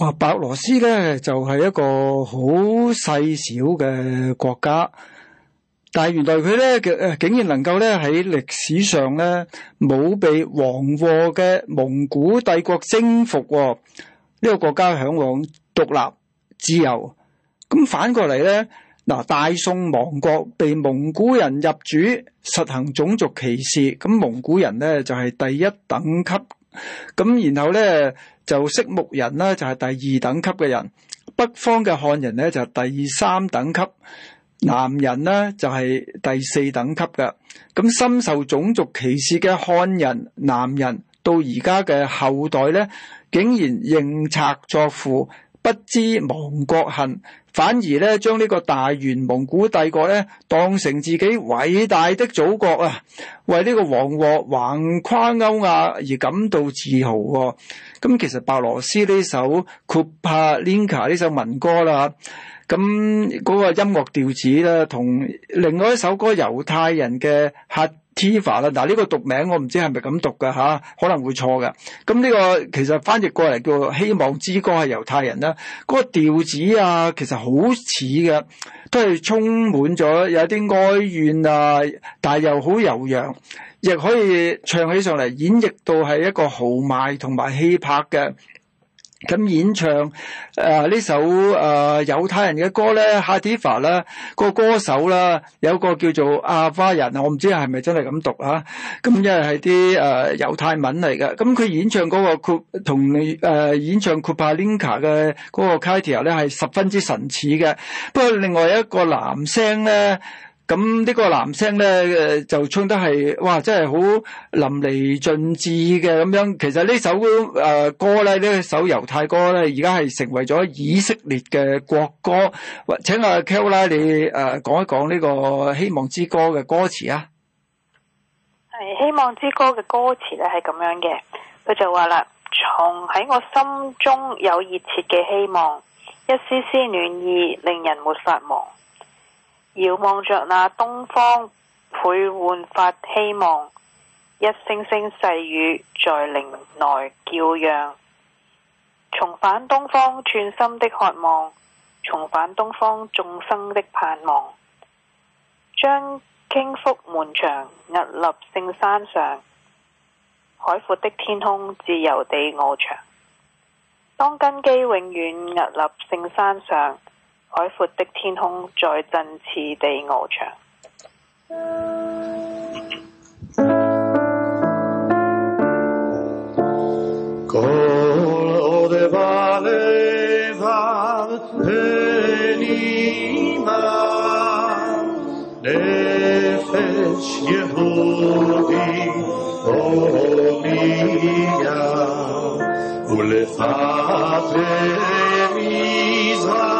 哇！白羅斯咧就係、是、一個好細小嘅國家，但係原來佢咧，誒，竟然能夠咧喺歷史上咧冇被黃禍嘅蒙古帝國征服、哦、呢、這個國家向往獨立自由。咁反過嚟咧，嗱，大宋亡國被蒙古人入主，實行種族歧視。咁蒙古人咧就係、是、第一等級。咁然後咧。就色目人呢，就係第二等級嘅人，北方嘅漢人呢，就係第三等級，南人呢，就係第四等級嘅。咁深受種族歧視嘅漢人南人，男人到而家嘅後代呢，竟然認賊作父，不知亡國恨。反而咧，將呢個大元蒙古帝國咧，當成自己偉大的祖國啊，為呢個黃禍橫跨歐亞而感到自豪、啊。咁、嗯、其實白羅斯呢首 Kupalinka 呢首民歌啦、啊，咁、嗯、嗰、那個音樂調子咧，同另外一首歌猶太人嘅。t 啦，嗱呢個讀名我唔知係咪咁讀嘅嚇，可能會錯嘅。咁呢個其實翻譯過嚟叫做《希望之歌》，係猶太人啦。嗰個調子啊，其實好似嘅，都係充滿咗有啲哀怨啊，但係又好悠揚，亦可以唱起上嚟，演繹到係一個豪邁同埋氣魄嘅。咁演唱誒呢、呃、首誒猶、呃、太人嘅歌咧，Hativah 啦，個歌手啦，有個叫做阿花人，啊，我唔知係咪真係咁讀嚇。咁因為係啲誒猶太文嚟嘅。咁佢演唱嗰、那個同誒、呃、演唱 Kupalinka 嘅嗰個 Katie 咧，係十分之神似嘅。不過另外一個男聲咧。咁呢個男聲咧，誒，就唱得係，哇，真係好淋漓盡致嘅咁樣。其實呢首誒歌咧，呢首猶太歌咧，而家係成為咗以色列嘅國歌。請阿 Kel 啦，你誒講一講呢個希望之歌嘅歌詞啊。係希望之歌嘅歌詞咧係咁樣嘅，佢就話啦：從喺我心中有熱切嘅希望，一絲絲暖意，令人沒法忘。遙望着那東方，倍煥發希望。一聲聲細語在靈內叫嚷，重返東方寸心的渴望，重返東方眾生的盼望。將傾覆門牆，屹立聖山上。海闊的天空，自由地翱翔。當根基永遠屹立聖山上。海闊的天空再，在振翅地翱翔。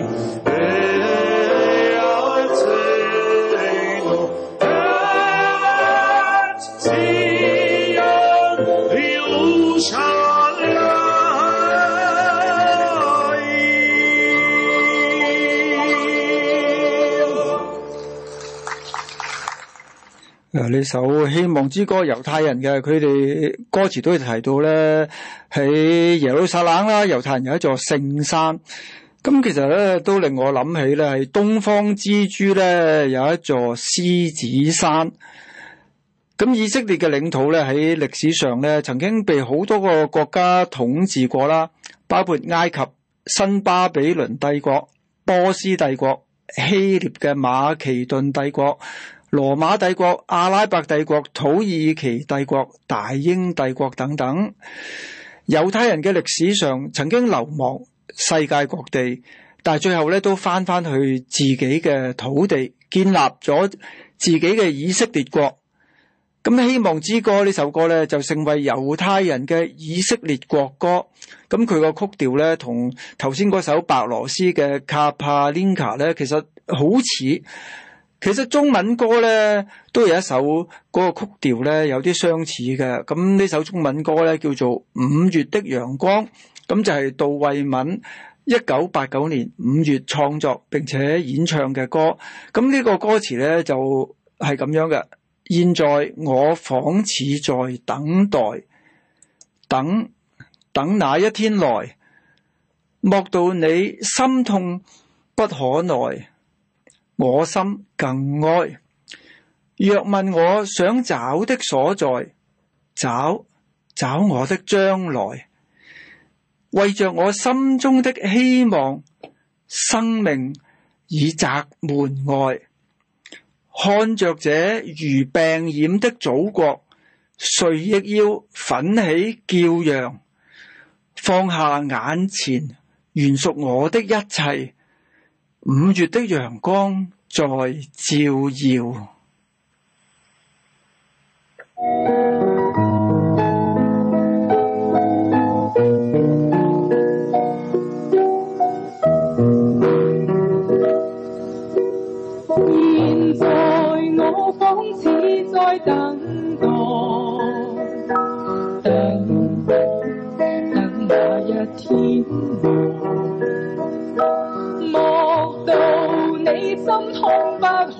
嗱，呢首《希望之歌》，猶太人嘅，佢哋歌詞都提到咧，喺耶路撒冷啦，猶太人有一座聖山。咁其實咧，都令我諗起咧，係東方之珠咧有一座獅子山。咁以色列嘅領土咧，喺歷史上咧，曾經被好多個國家統治過啦，包括埃及、新巴比倫帝國、波斯帝國、希臘嘅馬其頓帝國。羅馬帝國、阿拉伯帝國、土耳其帝國、大英帝國等等，猶太人嘅歷史上曾經流亡世界各地，但係最後咧都翻翻去自己嘅土地，建立咗自己嘅以色列國。咁《希望之歌》呢首歌咧就成為猶太人嘅以色列國歌。咁佢個曲調咧同頭先嗰首白羅斯嘅《卡帕林卡》咧，其實好似。其實中文歌咧都有一首嗰個曲調咧有啲相似嘅，咁呢首中文歌咧叫做《五月的陽光》，咁就係杜慧敏一九八九年五月創作並且演唱嘅歌。咁呢個歌詞咧就係咁樣嘅：現在我仿似在等待，等等那一天來，莫到你心痛不可耐。我心更愛，若問我想找的所在，找找我的將來，為着我心中的希望，生命已擇門外，看着這如病染的祖國，誰亦要奮起叫嚷，放下眼前原屬我的一切。五月的陽光在照耀。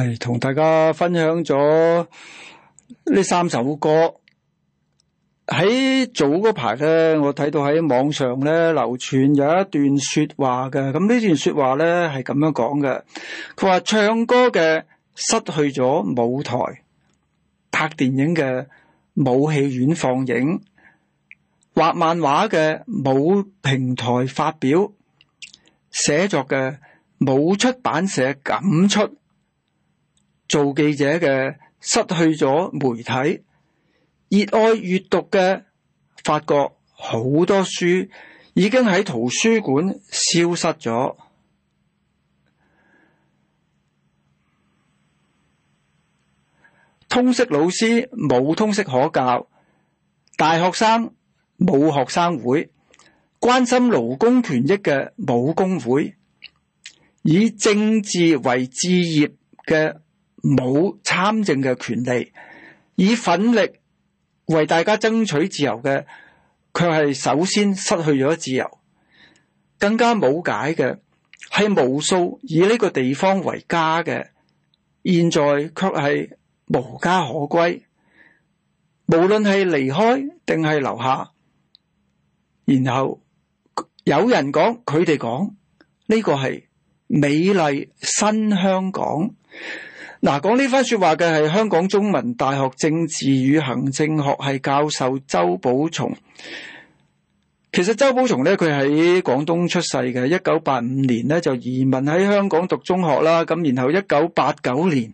係同大家分享咗呢三首歌，喺早排咧，我睇到喺網上咧流傳有一段說話嘅。咁呢段說話咧係咁樣講嘅，佢話唱歌嘅失去咗舞台，拍電影嘅冇戲院放映，畫漫畫嘅冇平台發表，寫作嘅冇出版社敢出。做記者嘅失去咗媒體，熱愛閱讀嘅發覺好多書已經喺圖書館消失咗。通識老師冇通識可教，大學生冇學生會，關心勞工權益嘅冇工會，以政治為志業嘅，冇參政嘅權利，以奮力為大家爭取自由嘅，卻係首先失去咗自由。更加冇解嘅，係無數以呢個地方為家嘅，現在卻係無家可歸。無論係離開定係留下，然後有人講，佢哋講，呢個係美麗新香港。嗱，講呢番說話嘅係香港中文大學政治與行政學系教授周保松。其實周保松呢，佢喺廣東出世嘅，一九八五年呢，就移民喺香港讀中學啦。咁然後一九八九年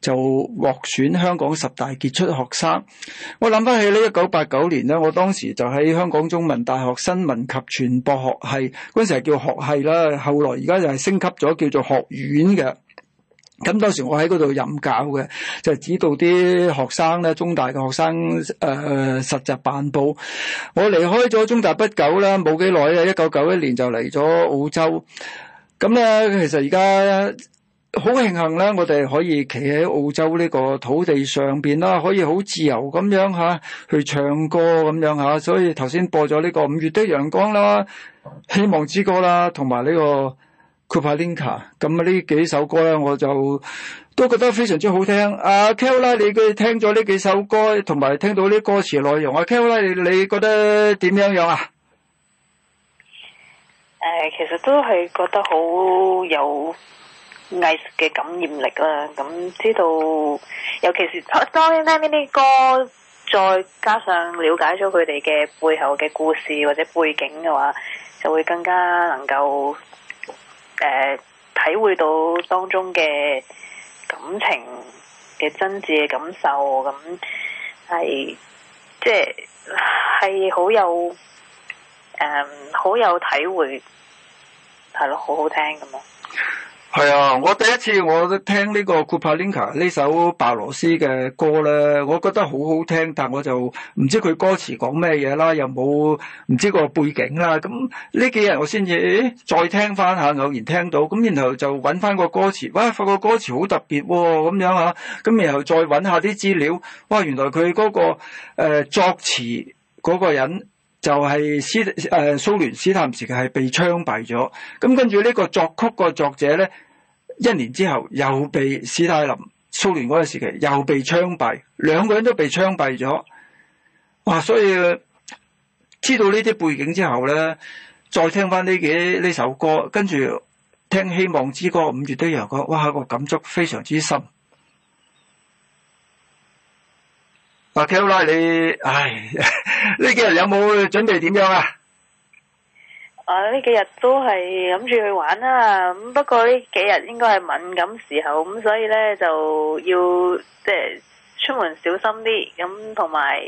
就獲選香港十大傑出學生。我諗翻起呢，一九八九年呢，我當時就喺香港中文大學新聞及傳播學系。嗰時係叫學系啦，後來而家就係升級咗叫做學院嘅。咁當時我喺嗰度任教嘅，就指導啲學生咧，中大嘅學生、呃、實習辦報。我離開咗中大不久啦，冇幾耐啊，一九九一年就嚟咗澳洲。咁咧，其實而家好慶幸咧，我哋可以企喺澳洲呢個土地上面啦，可以好自由咁樣嚇去唱歌咁樣嚇。所以頭先播咗呢個五月的陽光啦，希望之歌啦，同埋呢個。酷派 Linka，咁呢幾首歌咧，我就都覺得非常之好聽。阿 Kel 啦，ella，你嘅聽咗呢幾首歌，同埋聽到呢啲歌詞內容，阿、啊、Kel 啦，你覺得點樣樣啊？誒、呃，其實都係覺得好有藝術嘅感染力啦。咁知道，尤其是當聽呢啲歌，再加上了解咗佢哋嘅背後嘅故事或者背景嘅話，就會更加能夠。誒、呃，體會到當中嘅感情嘅真摯嘅感受，咁係即係係好有誒，好、呃、有體會，係、嗯、咯，好好聽咁咯。嗯係啊，我第一次我都聽呢個 Kupalinka 呢首白羅斯嘅歌咧，我覺得好好聽，但我就唔知佢歌詞講咩嘢啦，又冇唔知個背景啦。咁呢幾日我先至、哎、再聽翻下，偶然聽到，咁然後就揾翻個歌詞，哇，發覺歌詞好特別咁、哦、樣啊！咁然後再揾下啲資料，哇，原來佢嗰、嗰個誒、呃、作詞嗰個人就係斯誒蘇聯斯坦時期係被槍斃咗。咁跟住呢個作曲個作者咧。一年之後又被史泰林蘇聯嗰個時期又被槍斃，兩個人都被槍斃咗。哇！所以知道呢啲背景之後咧，再聽翻呢幾呢首歌，跟住聽希望之歌《五月的陽光》，哇！個感觸非常之深。阿、啊、Kela，你唉呢幾日有冇準備點樣啊？啊！呢幾日都係諗住去玩啦，啊，咁不過呢幾日應該係敏感時候，咁所以呢，就要即係、呃、出門小心啲，咁同埋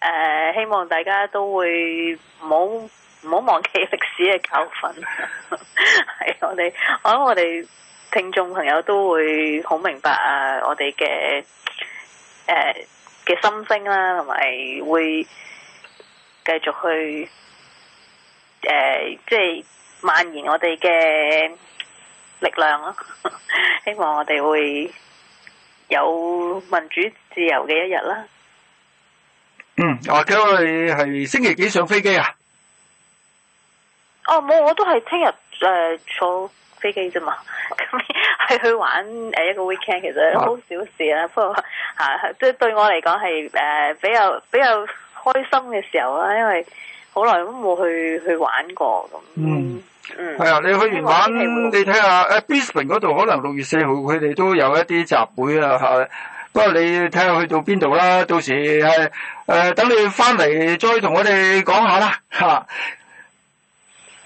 誒，希望大家都會唔好唔好忘記歷史嘅教訓。係我哋，我諗我哋聽眾朋友都會好明白啊！我哋嘅誒嘅心聲啦，啊，同埋會繼續去。誒，即係、呃就是、蔓延我哋嘅力量咯，希望我哋會有民主自由嘅一日啦。嗯，啊、我哋係星期幾上飛機啊？哦、啊，冇，我都係聽日誒坐飛機啫嘛，咁 係去玩誒一個 weekend，其實好小事啦。啊、不過吓對、啊就是、對我嚟講係誒比較比較開心嘅時候啦，因為。好耐都冇去去玩過咁。嗯，係啊、嗯，你去完玩，玩你睇下 Brisbane 嗰度可能六月四號佢哋都有一啲集會啊嚇，不過你睇下去到邊度啦，到時係、呃、等你翻嚟再同我哋講下啦、嚇。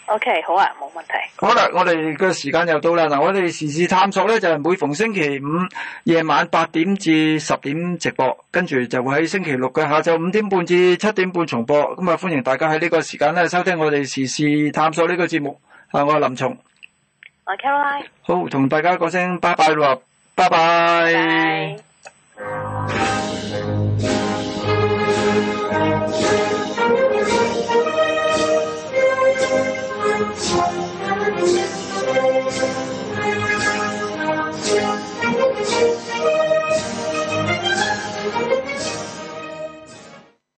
OK，好啊，冇問題。好啦，我哋嘅時間又到啦。嗱，我哋時事探索咧就係每逢星期五夜晚八點至十點直播，跟住就會喺星期六嘅下晝五點半至七點半重播。咁啊，歡迎大家喺呢個時間咧收聽我哋時事探索呢個節目。我係林松，我係 Caroline。好，同大家講聲拜拜啦，拜拜。